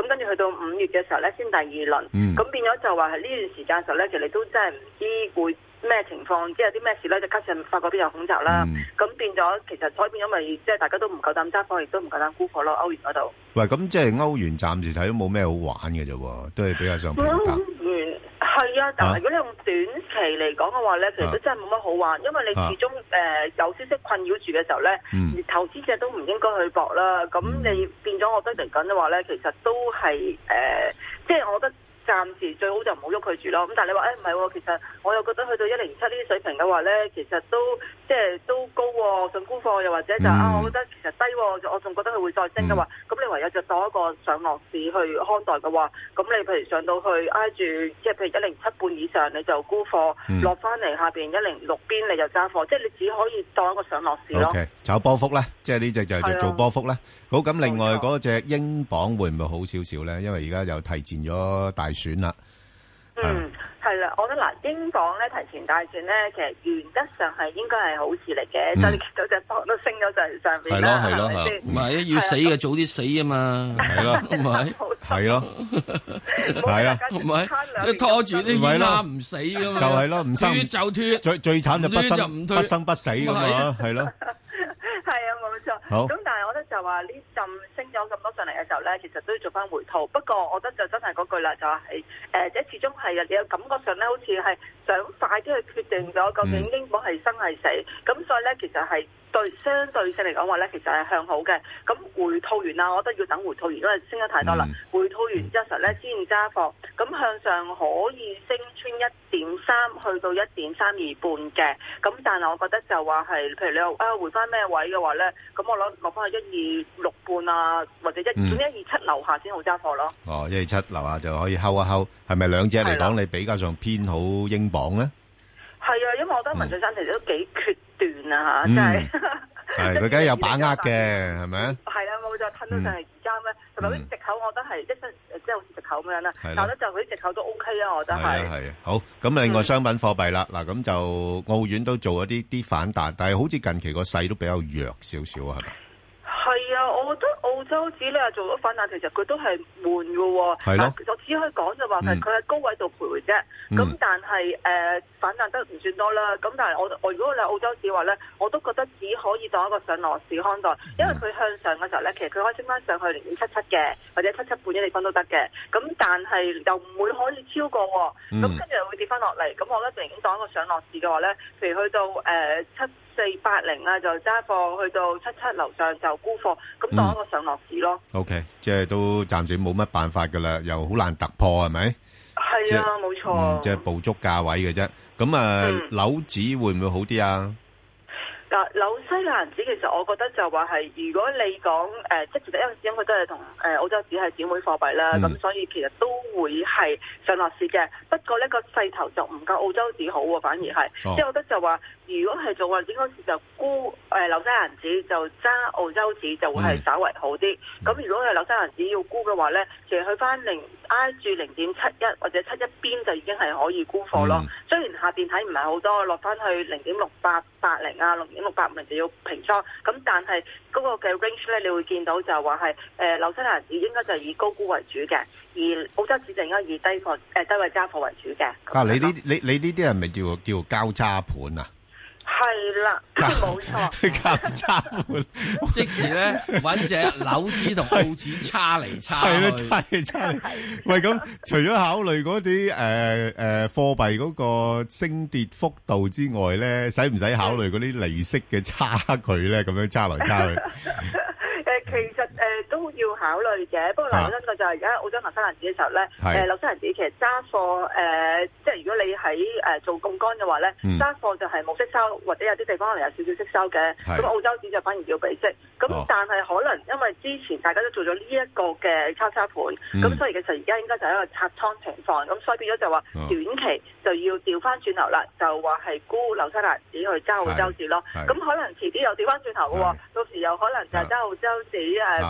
Speaker 5: 咁跟住去到五月嘅時候咧，先第二輪，咁、嗯、變咗就話係呢段時間時候咧，其實你都真係唔知會咩情況，即係有啲咩事咧，就加上法國邊有恐襲啦，咁、嗯、變咗其實左邊咗咪即係大家都唔夠膽揸貨，亦都唔夠膽沽貨咯，歐元嗰度。
Speaker 7: 喂，咁即係歐元暫時睇都冇咩好玩嘅啫，都係比較上
Speaker 5: 係啊，但係如果你用短期嚟講嘅話咧，其實都真係冇乜好玩，因為你始終誒、呃、有消息困擾住嘅時候咧，嗯、投資者都唔應該去搏啦。咁你變咗，我覺得嚟講嘅話咧，其實都係誒、呃，即係我覺得。暫時最好就唔好喐佢住咯。咁但係你話誒唔係喎，其實我又覺得去到一零七呢啲水平嘅話咧，其實都即係都高上、哦、沽貨，又或者就、嗯、啊，我覺得其實低、哦，我我仲覺得佢會再升嘅話，咁、嗯嗯、你唯有就當一個上落市去看待嘅話，咁你譬如上到去挨住，即係譬如一零七半以上，你就沽貨落翻嚟下，下邊一零六邊，你就揸貨，即係你只可以當一個上落
Speaker 7: 市咯。OK，炒波幅咧，即係呢隻就係做波幅咧。的好，咁另外嗰隻英鎊會唔會好少少咧？因為而家又提前咗大選啦，
Speaker 5: 嗯，
Speaker 8: 係啦，我覺得嗱，英鎊咧提前大選咧，其實原則上係應
Speaker 7: 該係好事嚟嘅，
Speaker 8: 就就就都升咗上上邊啦，係咪先？唔係，要死嘅早啲死啊嘛，係咯，唔係，係咯，係啊，唔係，即係拖
Speaker 7: 住啲位啦，唔死噶嘛，就係咯，唔生就脫，最最慘就不生不死噶嘛，係咯。
Speaker 5: 咁好但係我覺得就話呢浸升咗咁多上嚟嘅時候咧，其實都要做翻回吐。不過我覺得就真係嗰句啦，就係、是、誒，即、呃、始終係啊，你感覺上咧好似係想快啲去決定咗究竟英國係生係死。咁、嗯、所以咧，其實係對相對性嚟講話咧，其實係向好嘅。咁回吐完啦，我覺得要等回吐完，因為升得太多啦。嗯、回吐完之後咧先加貨，咁、嗯、向上可以升穿一。去到一點三二半嘅，咁但係我覺得就話、係、係，譬如你話啊回翻咩位嘅話咧，咁我攞落翻去一二六半啊，或者一二一二七樓下先好揸貨咯。
Speaker 7: 哦，一二七樓下就可以睺一睺。係咪兩者嚟講你比較上偏好英鎊咧？
Speaker 5: 係啊，因為我覺得文俊生其實都幾決斷啊嚇，嗯、真係是。係佢梗係有把握嘅，
Speaker 7: 係咪但？係啊，冇錯，嗯、
Speaker 5: 再吞到上嚟而家咩？嗰啲直口我，我都得係一出，即係好似直口咁樣啦。但係咧，就佢啲直口
Speaker 7: 都 OK 啊，我覺得係。係好咁，另外商品貨幣啦，嗱咁、嗯、就澳元都做一啲啲反彈，但係好似近期個勢都比較弱少少啊，係咪？
Speaker 5: 周指又做咗反彈，其實佢都係悶嘅喎的、啊。我只可以講就話係佢喺高位度徘徊啫。咁、嗯、但係誒、呃、反彈得唔算多啦。咁但係我我如果嚟澳洲市話咧，我都覺得只可以當一個上落市看待，因為佢向上嘅時候咧，其實佢可以升翻上去零點七七嘅，或者七七半一地分都得嘅。咁但係又唔會可以超過喎。咁跟住又會跌翻落嚟。咁我咧就已經當一個上落市嘅話咧，譬如去到誒、呃、七。四八零啊，80, 就揸貨去到七七樓上就沽貨，咁當一個上落市咯。O、
Speaker 7: okay, K，即係都暫時冇乜辦法噶啦，又好難突破係咪？係啊，冇錯即錯、嗯，即係捕捉價位嘅啫。咁啊，樓紙、嗯、會唔會好啲啊？嗱、
Speaker 5: 啊，紐西蘭紙其實我覺得就話係，如果你講誒、呃，即係其實一開始我都係同誒澳洲紙係姊妹貨幣啦，咁、嗯、所以其實都會係上落市嘅。不過呢個勢頭就唔夠澳洲紙好喎、啊，反而係，即係我覺得就話。如果係做橫市嗰時，就沽誒紐西蘭紙，就揸澳洲紙，就會係稍為好啲。咁如果係紐西蘭紙要沽嘅話咧，其實去翻零挨住零點七一或者七一邊就已經係可以沽貨咯。嗯、雖然下邊睇唔係好多，落翻去零點六八八零啊，零點六八五零就要平倉。咁但係嗰個嘅 range 咧，你會見到就係話係誒紐西蘭紙應該就以高沽為主嘅，而澳洲紙就應該以低貨誒低位揸貨為主嘅。就
Speaker 9: 是、啊，你呢？
Speaker 7: 你你呢啲係咪叫叫交叉盤啊？係啦，冇錯，交叉 (laughs)
Speaker 8: (laughs) 即時咧，揾隻紐子同澳紙叉嚟叉
Speaker 9: 去，係咯， (laughs) 叉嚟叉去。叉叉
Speaker 7: (laughs) 喂，咁除咗考慮嗰啲誒誒貨幣嗰個升跌幅度之外咧，使唔使考慮嗰啲利息嘅差距咧？咁樣叉來叉去。誒， (laughs)
Speaker 5: 誒都要考慮嘅，不過難嘅就係而家澳洲紐西蘭紙嘅時候咧，誒紐西蘭紙其實揸貨誒，即係如果你喺誒做槓杆嘅話咧，揸貨就係冇息收，或者有啲地方可能有少少息收嘅。咁澳洲紙就反而要俾息。咁但係可能因為之前大家都做咗呢一個嘅交叉盤，咁所以其實而家應該就係一個拆倉情況。咁所以變咗就話短期就要調翻轉頭啦，就話係沽紐西蘭紙去揸澳洲紙咯。咁可能遲啲又調翻轉頭嘅喎，到時又可能就係揸澳洲紙誒。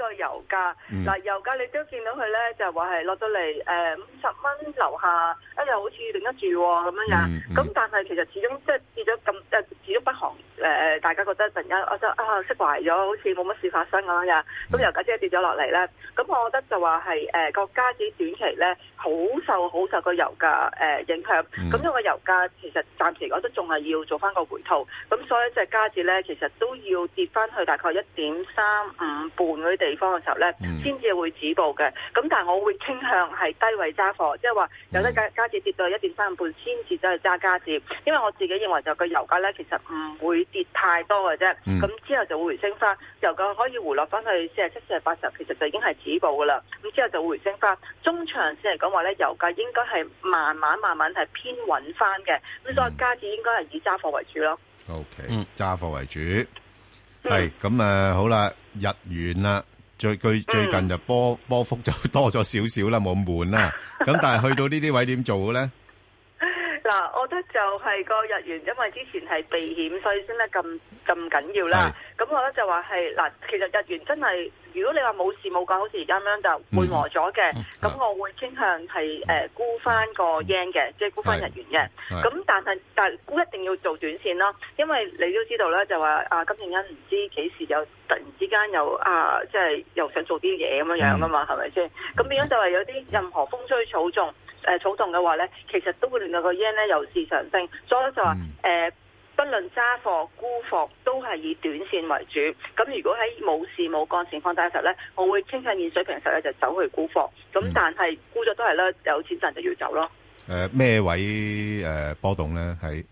Speaker 5: 油價，嗱、嗯，油價你都見到佢咧，就話係落到嚟誒五十蚊樓下，一、哎、又好似頂得住咁、啊、樣樣。咁、嗯嗯、但係其實始終即係跌咗咁，即、呃、始終北韓誒、呃，大家覺得陣間我就啊釋懷咗，好似冇乜事發生咁樣樣。咁、嗯、油價即係跌咗落嚟咧，咁我覺得就話係誒個加字短期咧好受好受個油價誒、呃、影響。咁、嗯、因為油價其實暫時覺得仲係要做翻個回吐，咁所以即係加字咧，其實都要跌翻去大概一點三五半嗰啲地嘅時候咧，先 (noise) 至、嗯、會止步嘅。咁但係我會傾向係低位揸貨，即係話有得加加字跌到一點三五半，先至走去揸加字。因為我自己認為就個油價咧，其實唔會跌太多嘅啫。咁、嗯、之後就會回升翻，油價可以回落翻去四十七、四十八，十，其實就已經係止步噶啦。咁之後就會回升翻。中長線嚟講話咧，油價應該係慢慢、慢慢係偏穩翻嘅。咁、嗯、所以加字應該係以揸貨為主咯。
Speaker 7: OK，揸貨為主係咁誒，好啦，日元啦。最最近就波波、嗯、幅就多咗少少啦，冇咁悶啦。咁 (laughs) 但係去到呢啲位點做咧？
Speaker 5: 嗱，我覺得就係個日元，因為之前係避險，所以先咧咁咁緊要啦。咁是、嗯、我覺得就話係嗱，其實日元真係。如果你話冇事冇講，好似而家咁樣就緩和咗嘅，咁、嗯、我會傾向係誒、呃、沽翻個 yen 嘅，即、就、係、是、沽翻日元嘅。咁但係但係沽一定要做短線咯，因為你都知道咧，就話啊金正恩唔知幾時又突然之間又啊即係又想做啲嘢咁樣樣噶嘛，係咪先？咁變咗就係有啲任何風吹草動誒、呃、草動嘅話咧，其實都會令到個 yen 咧由是上升，所以就話誒。呃嗯不論揸貨沽貨，都係以短綫為主。咁如果喺冇事冇干情況底下嘅時候咧，我會傾向現水平嘅時候咧就走去沽貨。咁但係沽咗都係啦，有錢賺就要走咯。
Speaker 7: 咩位波動呢？喺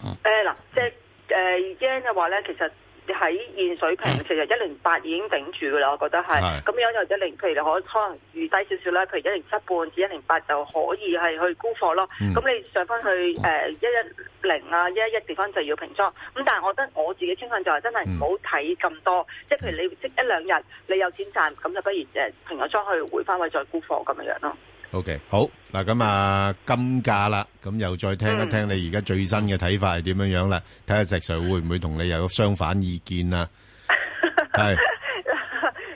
Speaker 5: 誒嗱，即係誒驚嘅話咧，其實。喺現水平，其實一零八已經頂住噶啦，我覺得係。咁如就一零，譬如可可能預低少少啦，譬如一零七半至一零八就可以係去沽貨咯。咁你上翻去誒一一零啊一一一地方，就要平倉。咁、嗯、但係我覺得我自己傾向就係真係唔好睇咁多，即係、嗯、譬如你即一兩日你有錢賺，咁就不如誒平倉去回翻位再沽貨咁樣樣咯。
Speaker 7: OK，好嗱，咁啊，金價啦，咁又再聽一聽你而家最新嘅睇法係點樣樣啦，睇下石 Sir 會唔會同你有相反意見啊？係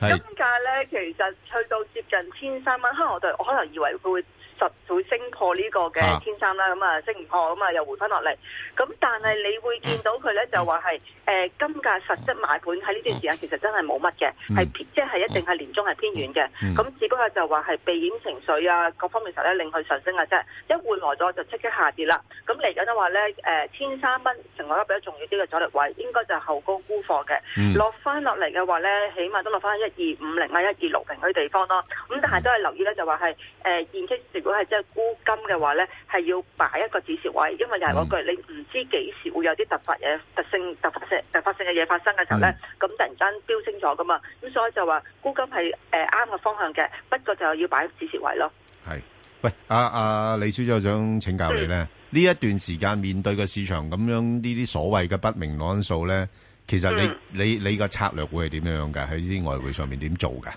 Speaker 9: 金價
Speaker 5: 咧，其實去到接近千三蚊，可能我對我可能以為佢會，會實會升破呢個嘅千三啦，咁啊升唔破咁啊又回翻落嚟。咁但係你會見到佢咧，就話係誒金價實質買盤喺呢段時間其實真係冇乜嘅，係即係一定係年終係偏遠嘅。咁、嗯、只不過就話係避險情緒啊各方面時候咧令佢上升啊啫，一換來咗就即刻下跌啦。咁嚟緊都話咧誒、呃、千三蚊成為一個比較重要啲嘅阻力位，應該就係後高沽貨嘅落翻落嚟嘅話咧，起碼都落翻一二五零啊一二六零嗰啲地方咯、啊。咁但係都係留意咧，就話係誒現金如果係真係沽金嘅話咧，係要擺一個止蝕位，因為又係嗰句，你唔知幾時會有啲突發嘢、突性、突發性、突發性嘅嘢發生嘅時候咧，咁的突然間飆升咗噶嘛，咁所以就話沽金係誒啱嘅方向嘅，不過就要擺止蝕位咯。係，
Speaker 7: 喂，阿、啊、阿、啊、李小姐我想請教你咧，呢、嗯、一段時間面對嘅市場咁樣呢啲所謂嘅不明朗數咧，其實你、嗯、你你個策略會係點樣嘅？喺呢啲外匯上面點做嘅？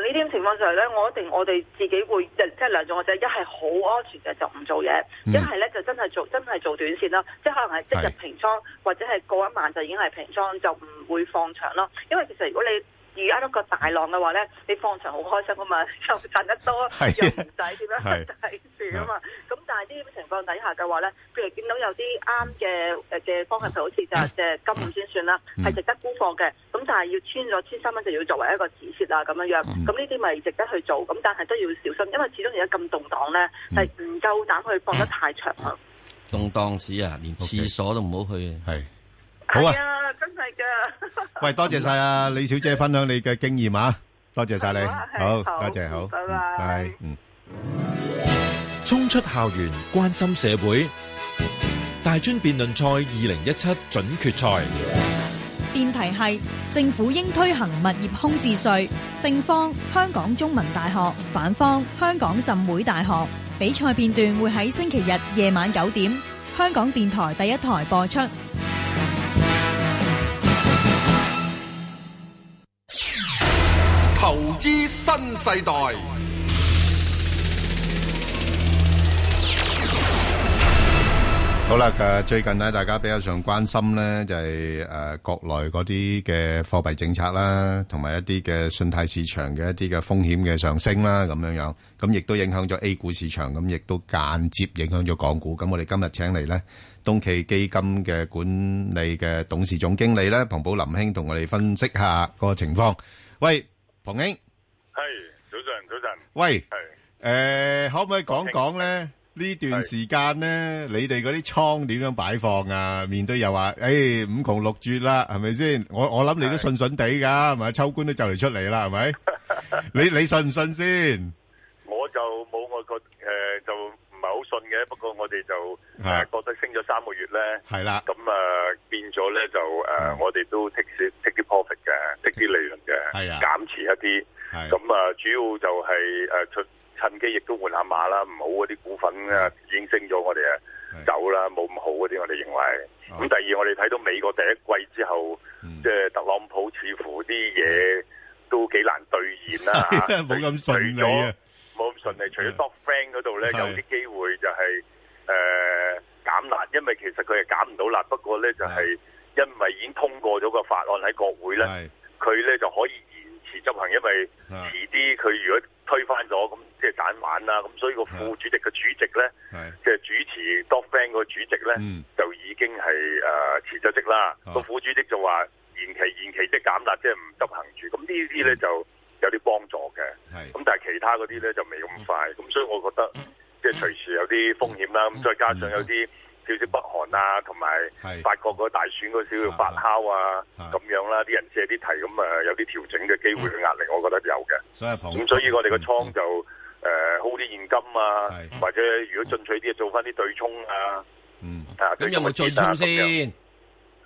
Speaker 5: 呢啲情況就係咧，我一定我哋自己會，即係兩種或者一係好安全嘅就唔做嘢，一係咧就真係做真係做短線咯，即係可能係即日平倉，是的 或者係過一晚，就已經係平倉，就唔會放長咯，因為其實如果你。而啱一個大浪嘅話咧，你放長好開心啊嘛，又賺得多， (laughs) 的又唔使點樣去睇住啊嘛。咁但係呢啲情況底下嘅話咧，譬如見到有啲啱嘅誒嘅方向性，好似就係嘅金股先算啦，係值得沽貨嘅。咁但係要穿咗千三蚊，就要作為一個止蝕啦咁樣樣。咁呢啲咪值得去做？咁但係都要小心，因為始終而家咁動盪咧，係唔夠膽去放得太長啊。
Speaker 7: 動盪市啊，連廁所都唔好去啊。係。好啊，哎、呀真
Speaker 9: 係噶！
Speaker 7: 喂， (laughs) 多謝晒啊，李小姐分享你嘅經驗啊，多謝晒你，好，好多謝好，拜拜，Bye 嗯，Bye. 衝出校園關心社會大專辯論賽二零一七準
Speaker 3: 決賽，
Speaker 1: 辯題係政府應推行物業空置稅，正方香港中文大學，反方香港浸會大學。比賽片段會喺星期日夜晚九點香港電台第一台播出。
Speaker 6: 投資新世
Speaker 7: 代。好啦，最近咧，大家比較上關心咧，就係誒國內嗰啲嘅貨幣政策啦，同埋一啲嘅信貸市場嘅一啲嘅風險嘅上升啦，咁樣樣，咁亦都影響咗 A 股市場，咁亦都間接影響咗港股。咁我哋今日請嚟咧，東驥基金嘅管理嘅董事總經理咧，龐寶林兄同我哋分析下個情況。喂？彬兄，
Speaker 9: 係早晨，早晨。喂，
Speaker 7: 係誒，可唔可以講講咧呢段時間咧，你哋嗰啲倉點樣擺放啊？面對又話，誒五窮六絕啦，係咪先？我我諗你都順順地噶，係咪？秋官都就嚟出嚟啦，係咪？你你信唔信先？
Speaker 6: 我就冇我覺誒，就唔係好信嘅。不過我哋就覺得升咗三個月咧。
Speaker 7: 係
Speaker 9: 啦，
Speaker 6: 咁誒變咗。就誒，我哋都 take take 啲 profit 嘅，take 啲利潤嘅，減持一啲。咁啊，主要就係誒趁趁機亦都換下馬啦，唔好嗰啲股份啊已經升咗，我哋啊走啦，冇咁好嗰啲我哋認為。咁第二，我哋睇到美國第一季之後，即係、right. 特朗普似乎啲嘢都幾難兌現啦。冇咁順利啊！冇咁順利，al 除咗 Stock Friend 嗰度咧，有啲機會就係誒減辣，h, at al. 因為其實佢係減唔到辣。不過咧，就係。因為已經通過咗個法案喺國會咧，佢咧的就可以延遲執行，因為遲啲佢如果推翻咗，咁即係盞玩啦。咁所以個副主席嘅主席咧，即係的主持 dog ban 個主席咧，就已經係誒、呃、辭咗職啦。個的副主席就話延期，延期即係減壓，即係唔執行住。咁呢啲咧就有啲幫助嘅。咁的但係其他嗰啲咧就未咁快。咁的所以我覺得即係隨時有啲風險啦。咁、嗯、再加上有啲。嗯少少北韓啊，同埋法國嗰大選嗰少少發酵啊，咁的樣啦，啲人借啲題咁啊，有啲調整嘅機會嘅壓力，我覺得有嘅。咁所以我哋個倉就誒 hold 啲現金啊，的或者如果進取啲，做翻啲對沖啊。
Speaker 9: 嗯，啊，咁有冇追進先？誒、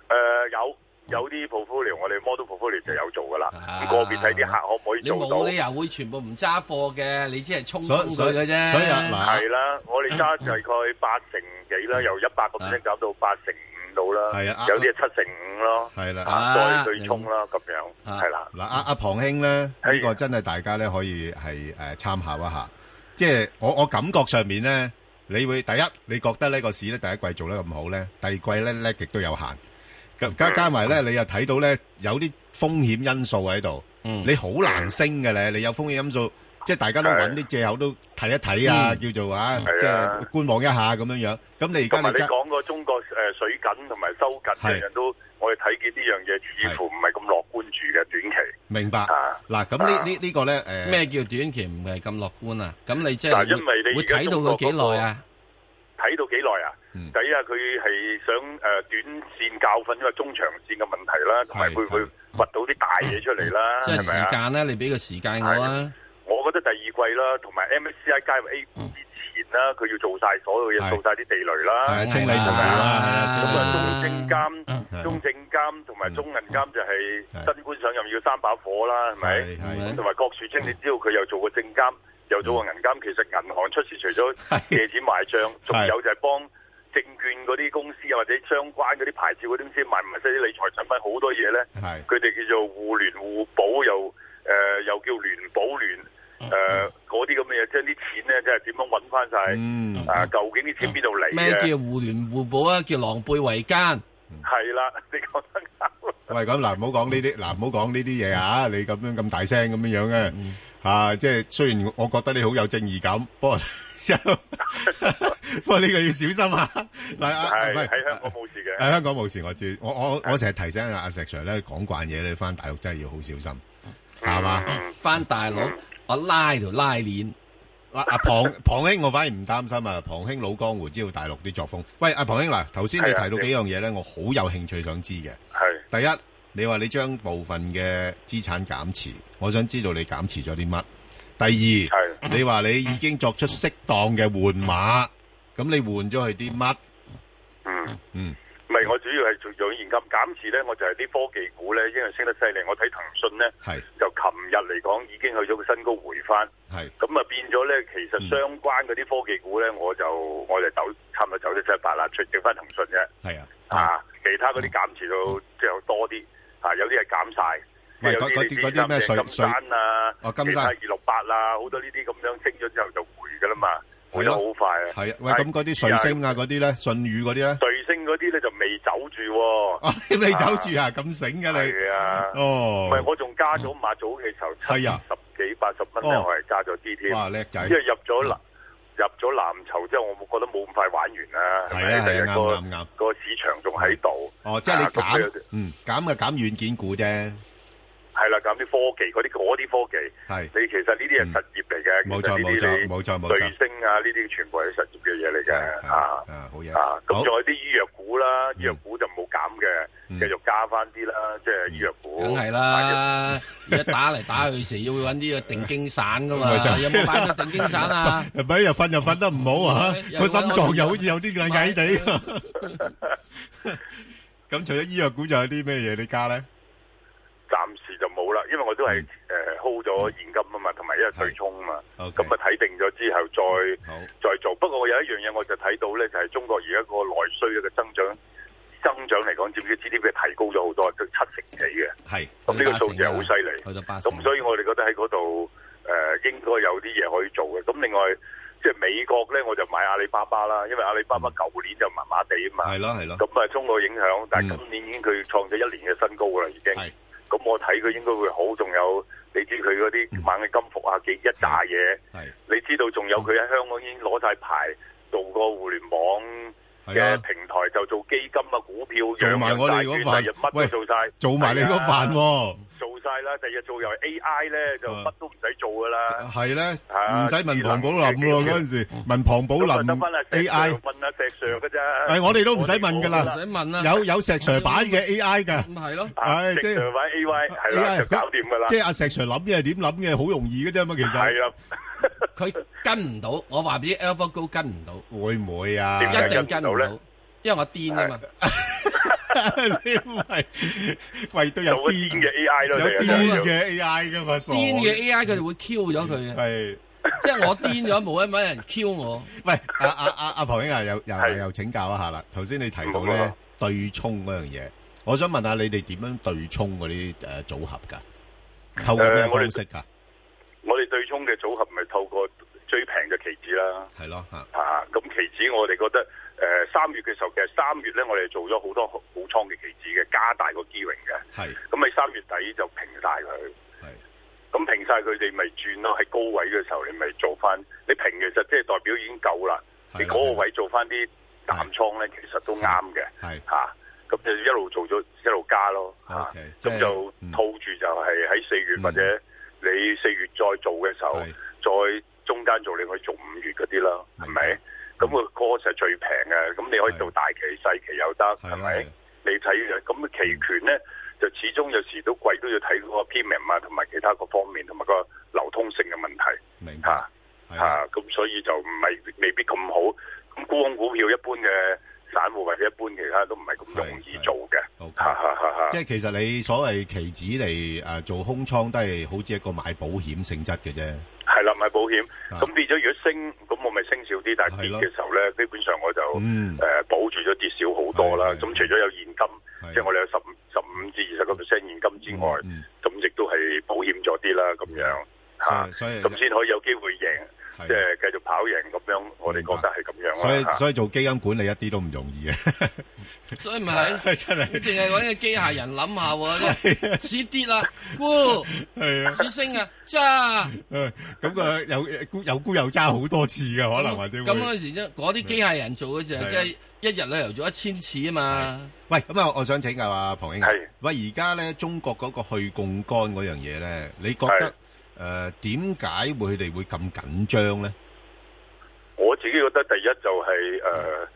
Speaker 6: 呃，有。有啲 portfolio，我哋 model portfolio 就有做噶啦，你個別睇啲客可唔可以做到？你冇理由又
Speaker 8: 會全部唔揸貨嘅，你只係沖沖水嘅啫。所以係啦，
Speaker 6: 我哋揸大概八成幾啦，由一百個 percent 搞到八成五度啦。係啊，有啲係七成
Speaker 9: 五咯。係啦，再對沖啦，咁樣係啦。嗱，
Speaker 7: 阿阿龐兄咧，呢個真係大家咧可以係誒參考一下。即係我我感覺上面咧，你會第一，你覺得呢個市咧第一季做得咁好咧，第二季咧叻極都有限，加加埋咧，你又睇到咧有啲風險因素喺度，你好難升嘅咧。你有風險因素，即係大家都揾啲藉口都睇一睇啊，叫做啊，即係觀望一下咁樣樣。咁你而家你講
Speaker 6: 個中國誒水緊同埋收緊嘅人都，我哋睇見呢樣嘢，似乎唔係咁樂觀住嘅短期。
Speaker 7: 明白。嗱，咁呢呢
Speaker 8: 呢個咧誒，咩叫短期唔係咁樂觀啊？咁你即係因為你會睇到佢幾耐啊？
Speaker 6: 睇到幾耐啊？第一啊，佢係想誒短線教訓，因為中長線嘅問題啦，同埋會唔會掘到啲大嘢出嚟啦，即係時
Speaker 8: 間咧，你俾個時間我啊，
Speaker 6: 我覺得第二季啦，同埋 MSCI 加入 A 股之前啦，佢要做晒所有嘢，做晒啲地雷啦，清理佢啦，咁啊中證監、中證監同埋中銀監就係新官上任要三把火啦，係
Speaker 9: 咪？同
Speaker 6: 埋郭樹清，你知道佢又做過證監，又做過銀監，其實銀行出事除咗借錢埋帳，仲有就係幫。證券嗰啲公司啊，或者相關嗰啲牌照嗰啲公司賣唔賣曬啲理財產品，好多嘢咧。係佢哋叫做互聯互保，又、呃、誒又叫聯保聯誒嗰啲咁嘅嘢，將啲錢咧即係點樣揾翻晒？嗯，
Speaker 9: 嗯，嗯啊，
Speaker 6: 究竟啲錢邊度嚟？咩叫
Speaker 7: 互聯互保啊？叫狼狽為奸。係啦，你講得啱。唔係咁嗱，唔好講呢啲嗱，唔好講呢啲嘢啊！你咁樣咁大聲咁樣樣嘅、嗯、啊，即係雖然我覺得你好有正義感，不過不過呢個要小心 (laughs) 啊。嗱阿喺香港冇
Speaker 9: 事
Speaker 7: 嘅，喺香港冇事，我知我我的我成日提醒阿、啊、石 Sir 咧，講慣嘢咧，你翻大陸真係要好小心係嘛。翻、嗯、吧大陸、嗯、我拉條拉鏈。嗱阿龐龐兄，我反而唔擔心啊！龐兄老江湖，知道大陸啲作風。喂，阿、啊、龐兄嗱，頭、啊、先你提到幾樣嘢咧，的我好有興趣想知嘅。係的第一，你話你將部分嘅資產減持，我想知道你減持咗啲乜。第二，係的你話你已經作出適當嘅換馬，咁你換咗去啲乜？嗯的嗯。嗯
Speaker 6: 唔係，我主要係做養現金減持咧，我就係啲科技股咧，因為升得犀利，我睇騰訊咧，就琴日嚟講已經去咗個新高，回翻。係咁啊，變咗咧，其實相關嗰啲科技股咧，我就我就走，差唔多走咗七八啦，除剩翻騰訊啫。係啊，啊，其他嗰啲減持就即係多啲，啊，有啲係減晒。
Speaker 9: 唔嗰啲咩金山
Speaker 6: 啊，金山？二六八啊，好多呢啲咁樣升咗之後就回噶啦嘛，回得好快啊。係啊，喂，咁嗰啲瑞聲
Speaker 7: 啊嗰啲咧，舜宇嗰啲咧？瑞
Speaker 6: 聲嗰啲咧就～走住，你走住
Speaker 7: 啊！咁醒噶你，
Speaker 6: 哦，唔係我仲加咗馬早嘅籌，係啊，十幾八十蚊我係加咗啲添，哇，叻仔！因為入咗藍，入咗藍籌之後，我冇覺得冇咁快玩完啦，係啊係啊，啱啱個市場仲喺度，
Speaker 9: 哦，即係你減，
Speaker 7: 嗯，減嘅減軟件股啫。
Speaker 6: 係啦，搞啲科技，嗰啲嗰啲科技，係你其實呢啲係實業嚟嘅，冇錯冇錯，冇錯冇錯，衛星啊呢啲全部係啲實業嘅嘢嚟嘅啊，啊好嘢啊，咁仲有啲醫藥股啦，醫藥股就冇減嘅，繼續加翻啲啦，即係醫藥股，
Speaker 8: 梗係啦，一打嚟打去時要揾啲啊定經散噶嘛，有冇買定經散啊？唔俾又瞓
Speaker 7: 又瞓得唔好啊，個心臟又好似有啲曳曳地。咁除咗醫藥股，仲有啲咩嘢你加咧？暫。
Speaker 6: 就冇啦，因為我都係誒 hold 咗現金啊嘛，同埋因為對沖啊嘛，咁啊睇定咗之後再再做。不過我有一樣嘢，我就睇到咧，就係中國而家個內需嘅增長增長嚟講，點知指啲嘅提高咗好多，就七成幾嘅。係，咁呢個數字係好犀利，咁所以我哋覺得喺嗰度誒應該有啲嘢可以做嘅。咁另外即係美國咧，我就買阿里巴巴啦，因為阿里巴巴舊年就麻麻地啊嘛。係咯係咯。咁啊，中國影響，但係今年已經佢創咗一年嘅新高啦，已經。咁我睇佢應該會好，仲有你知佢嗰啲萬利金服啊，幾一大嘢，你知道仲有佢喺香港已經攞晒牌，做過互聯網嘅平台就做基金啊，股票做埋我哋嗰份，乜都做曬，做埋你嗰份喎，
Speaker 9: 做曬啦，第日做由
Speaker 7: A I 咧就乜都唔使做噶啦，係咧，唔使問龐寶林咯，嗰陣時問龐寶林，得翻阿 A I 問阿石 Sir 噶啫，誒，我哋都唔使問噶啦，唔使問啦，有有石 Sir 版嘅 A I 噶，咁係咯，係即係石 Sir
Speaker 8: 版 A I 係啦，就搞掂噶啦，即係阿石
Speaker 7: Sir 諗嘢點諗嘅好容易噶啫嘛，其實。
Speaker 8: 佢跟唔到，我話俾 AlphaGo 跟唔到，
Speaker 7: 會唔會啊？一定跟唔到，
Speaker 8: 因為我癲啊嘛。你唔係喂都有癲
Speaker 6: 嘅 AI 咯？有癲嘅 AI 啫嘛傻。癲嘅 AI 佢哋會
Speaker 8: Q 咗佢嘅，係 (laughs) 即係我癲咗，冇乜人 Q 我。喂，
Speaker 7: 阿阿阿阿彭兄又又的又請教一下啦。頭先你提到咧對沖嗰樣嘢，我想問下你哋點樣對沖嗰啲誒組合㗎？透過咩方式㗎？呃
Speaker 6: 我哋對沖嘅組合咪透過最平嘅期指啦，係咯，嚇，咁期指我哋覺得，誒三月嘅時候其實三月咧，我哋做咗好多補倉嘅期指嘅，加大個機營嘅，係，咁喺三月底就平晒佢，係，咁平晒佢哋咪轉咯，喺高位嘅時候你咪做翻，你平其實即係代表已經夠啦，你嗰個位做翻啲淡倉咧，其實都啱嘅，係，嚇，咁就一路做咗一路加咯，嚇，咁就套住就係喺四月或者。你四月再做嘅時候，再中間做，你可以做五月嗰啲啦，係咪？咁個 course 係最平嘅，咁你可以做大期、細期又得，係咪？你睇，咁期權咧就始終有時都貴，都要睇嗰個 premium 啊，同埋其他各方面，同埋個流通性嘅問題，明
Speaker 9: 吓吓，
Speaker 6: 咁所以就唔係未必咁好。咁沽空股票一般嘅。散戶或者一般其他都唔係咁容易做嘅，即係其實
Speaker 7: 你所謂期指嚟誒做空倉都係好似一個買保險性質嘅啫。
Speaker 6: 係啦，買保險咁變咗，如果升咁我咪升少啲，但係跌嘅時候咧，基本上我就誒保住咗跌少好多啦。咁除咗有現金，即係我哋有十十五至二十個 percent 現金之外，咁亦都係保險咗啲啦，咁樣吓，咁先可以有機會贏。即係繼續跑贏咁樣，我哋覺得係咁樣。所
Speaker 7: 以所以做基金管理一啲都唔容易嘅。
Speaker 8: 所以唔係，真係淨係搵個機械人諗下，市跌啦，沽係啊，市升啊，揸。
Speaker 7: 誒，咁啊，有沽又沽又揸好多次嘅，可能或者咁嗰
Speaker 8: 時即係嗰啲機械人做嘅就即係一日旅遊做一千次啊嘛。
Speaker 7: 喂，咁啊，我想請教阿龐英係。喂，而家咧中國嗰個去槓桿嗰樣嘢咧，你覺得？誒，點解、呃、會佢哋會咁緊張咧？
Speaker 6: 我自己覺得第一就係、是、誒，即、呃、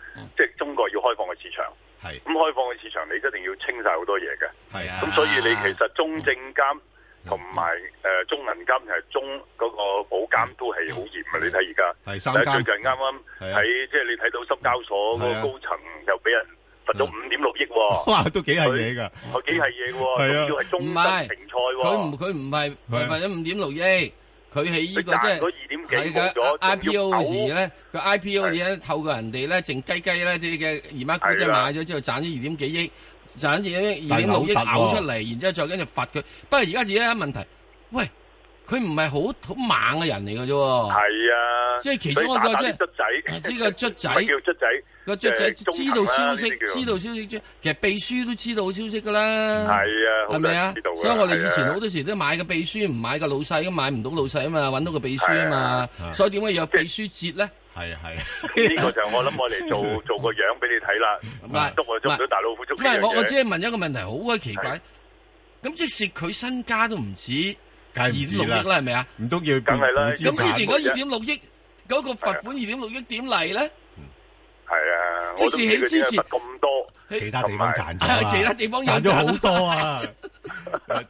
Speaker 6: 係、嗯、中國要開放嘅市場，係咁是開放嘅市場，你一定要清晒好多嘢嘅，係啊，咁所以你其實中證監同埋誒中銀監其實中嗰、那個保監都係好嚴啊！啊啊你睇而家，係、啊、三監最近啱啱喺即係你睇到深交所個高層又俾人。罰咗五點六億，
Speaker 9: 哇，都幾係嘢噶，佢幾係嘢嘅，係啊！要係
Speaker 8: 中買停菜，佢唔佢唔係罰咗五點六億，佢喺呢個即係係嘅 IPO 時咧，佢 IPO 嘢咧透過人哋咧靜雞雞咧啲嘅姨媽姑姐即係買咗之後賺咗二點幾億，賺咗二點六億嘔出嚟，然之後再跟住罰佢。不過而家只有一問題，喂，佢唔係好好猛嘅人嚟嘅啫，係啊，即係其中一個即係呢個雀仔，唔係叫雀仔。個雀仔知道消息，知道消息啫。其實秘書都知道消息噶啦，係啊，係咪啊？所以我哋以前好多時都買個秘書，唔買個老細，咁買唔到老細啊嘛，揾到個秘書啊嘛。所以點解有秘書節咧？係
Speaker 6: 啊係啊，呢個就我諗我嚟，做做個樣俾你睇啦。唔係唔係，我我只係
Speaker 8: 問一個問題，好鬼奇怪。咁即使佢身家都唔止二點六億啦，係咪啊？唔都要佢變資。咁之前嗰二點六億嗰個罰款二點六億點嚟咧？
Speaker 6: 係啊，即使你之前咁多，其他地方賺咗其他
Speaker 7: 地方賺咗好多啊，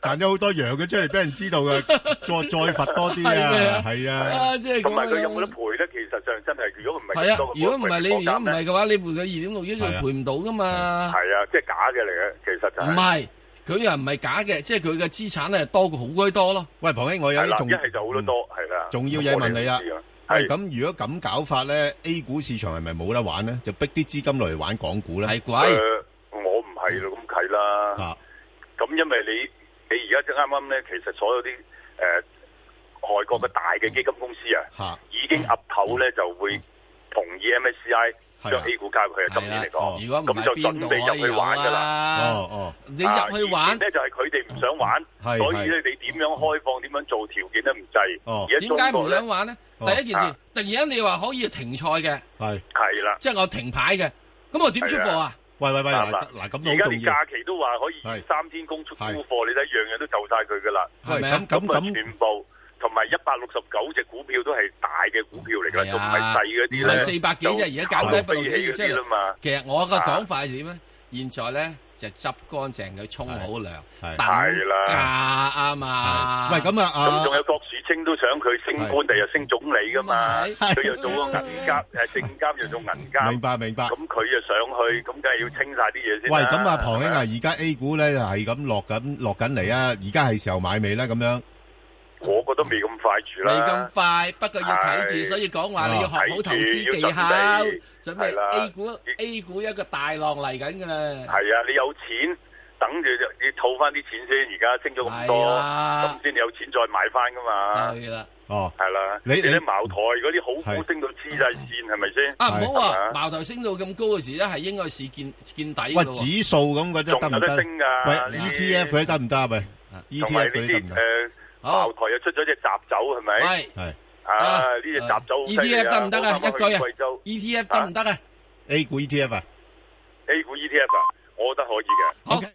Speaker 7: 賺咗好多，揚嘅出嚟俾人知道啊，再再罰多啲啊，係啊，即咁埋佢有冇得賠咧？其
Speaker 8: 實上真係，如果唔
Speaker 7: 係，係啊，如果
Speaker 8: 唔係你如果唔係嘅話，你賠佢二點六億，佢賠唔到噶嘛。係啊，即係假嘅嚟嘅，其實就唔係，佢又唔係假嘅，即係佢嘅資產咧多過好鬼多咯。喂，龐兄，我有啲仲一係就
Speaker 7: 好得多，係啦，仲要嘢問你啊。係咁，是如果咁搞法咧，A 股市場係咪冇得玩咧？就逼啲資金落嚟玩港股咧？係貴、呃，
Speaker 6: 我唔係咯，咁契啦。吓、啊，咁因為你你而家即啱啱咧，其實所有啲誒、呃、外國嘅大嘅基金公司啊，已經岌頭咧、啊、就會同意 MSCI、啊。啊著 A 股交易，佢啊今年嚟講，咁就準備入去玩㗎啦。哦哦，你入去玩咧，就係佢哋唔想玩，所以咧，你點樣開放、點樣做條件都唔制。
Speaker 7: 哦，
Speaker 8: 而家點解唔想玩咧？第一件事，突然間你話可以停賽嘅，係係啦，即係我停牌嘅，咁我點出貨啊？
Speaker 7: 喂喂喂，嗱嗱咁重要，而家假
Speaker 8: 期都話可
Speaker 6: 以三天供出高貨，你睇樣樣都就曬佢㗎啦，係咪咁咁全部？同埋一百六十九隻股票都係大嘅股票嚟㗎，仲唔係細嗰啲咧？唔係四百幾啫，而
Speaker 8: 家搞到飛起嗰啲啦嘛。其實我個講法係點咧？現在咧就執乾淨佢，沖好涼，等啊嘛。喂，咁啊，咁仲有郭樹
Speaker 6: 清都想佢升官，地又升總理㗎嘛？佢又做個銀監，誒政監又做銀
Speaker 7: 監。明白明白。咁
Speaker 6: 佢就上去，咁梗係要清曬啲嘢先啦。喂，咁啊，鄺兄啊，
Speaker 7: 而家 A 股咧就係咁落緊落緊嚟啊！而家係時候買未咧？咁樣。
Speaker 6: 我覺得未咁快
Speaker 8: 住啦，未咁快，不過要睇住，所以講話你要學好投資技巧，準備 A 股 A 股一個大浪嚟緊噶啦。係啊，
Speaker 6: 你有錢等住，要套翻啲錢先。而家升咗咁多，咁先你有錢再買翻噶嘛。係啦，哦，係啦，你哋啲茅台嗰啲好股升到黐晒線係咪先？啊唔好
Speaker 8: 啊，茅台升到咁高嘅時咧，係應該係見見底。喂，指數咁嘅啫，得唔得？喂 ETF
Speaker 7: 得唔得？喂 ETF 得唔得？
Speaker 8: 茅台又出咗隻雜
Speaker 6: 酒係咪？係係，啊呢隻雜酒 E T F 得唔得啊？一句啊。E T F 得
Speaker 7: 唔得啊, ETF ETF 啊？A 股 E T F 啊？A
Speaker 6: 股 E T F 啊？我覺得可以嘅。OK。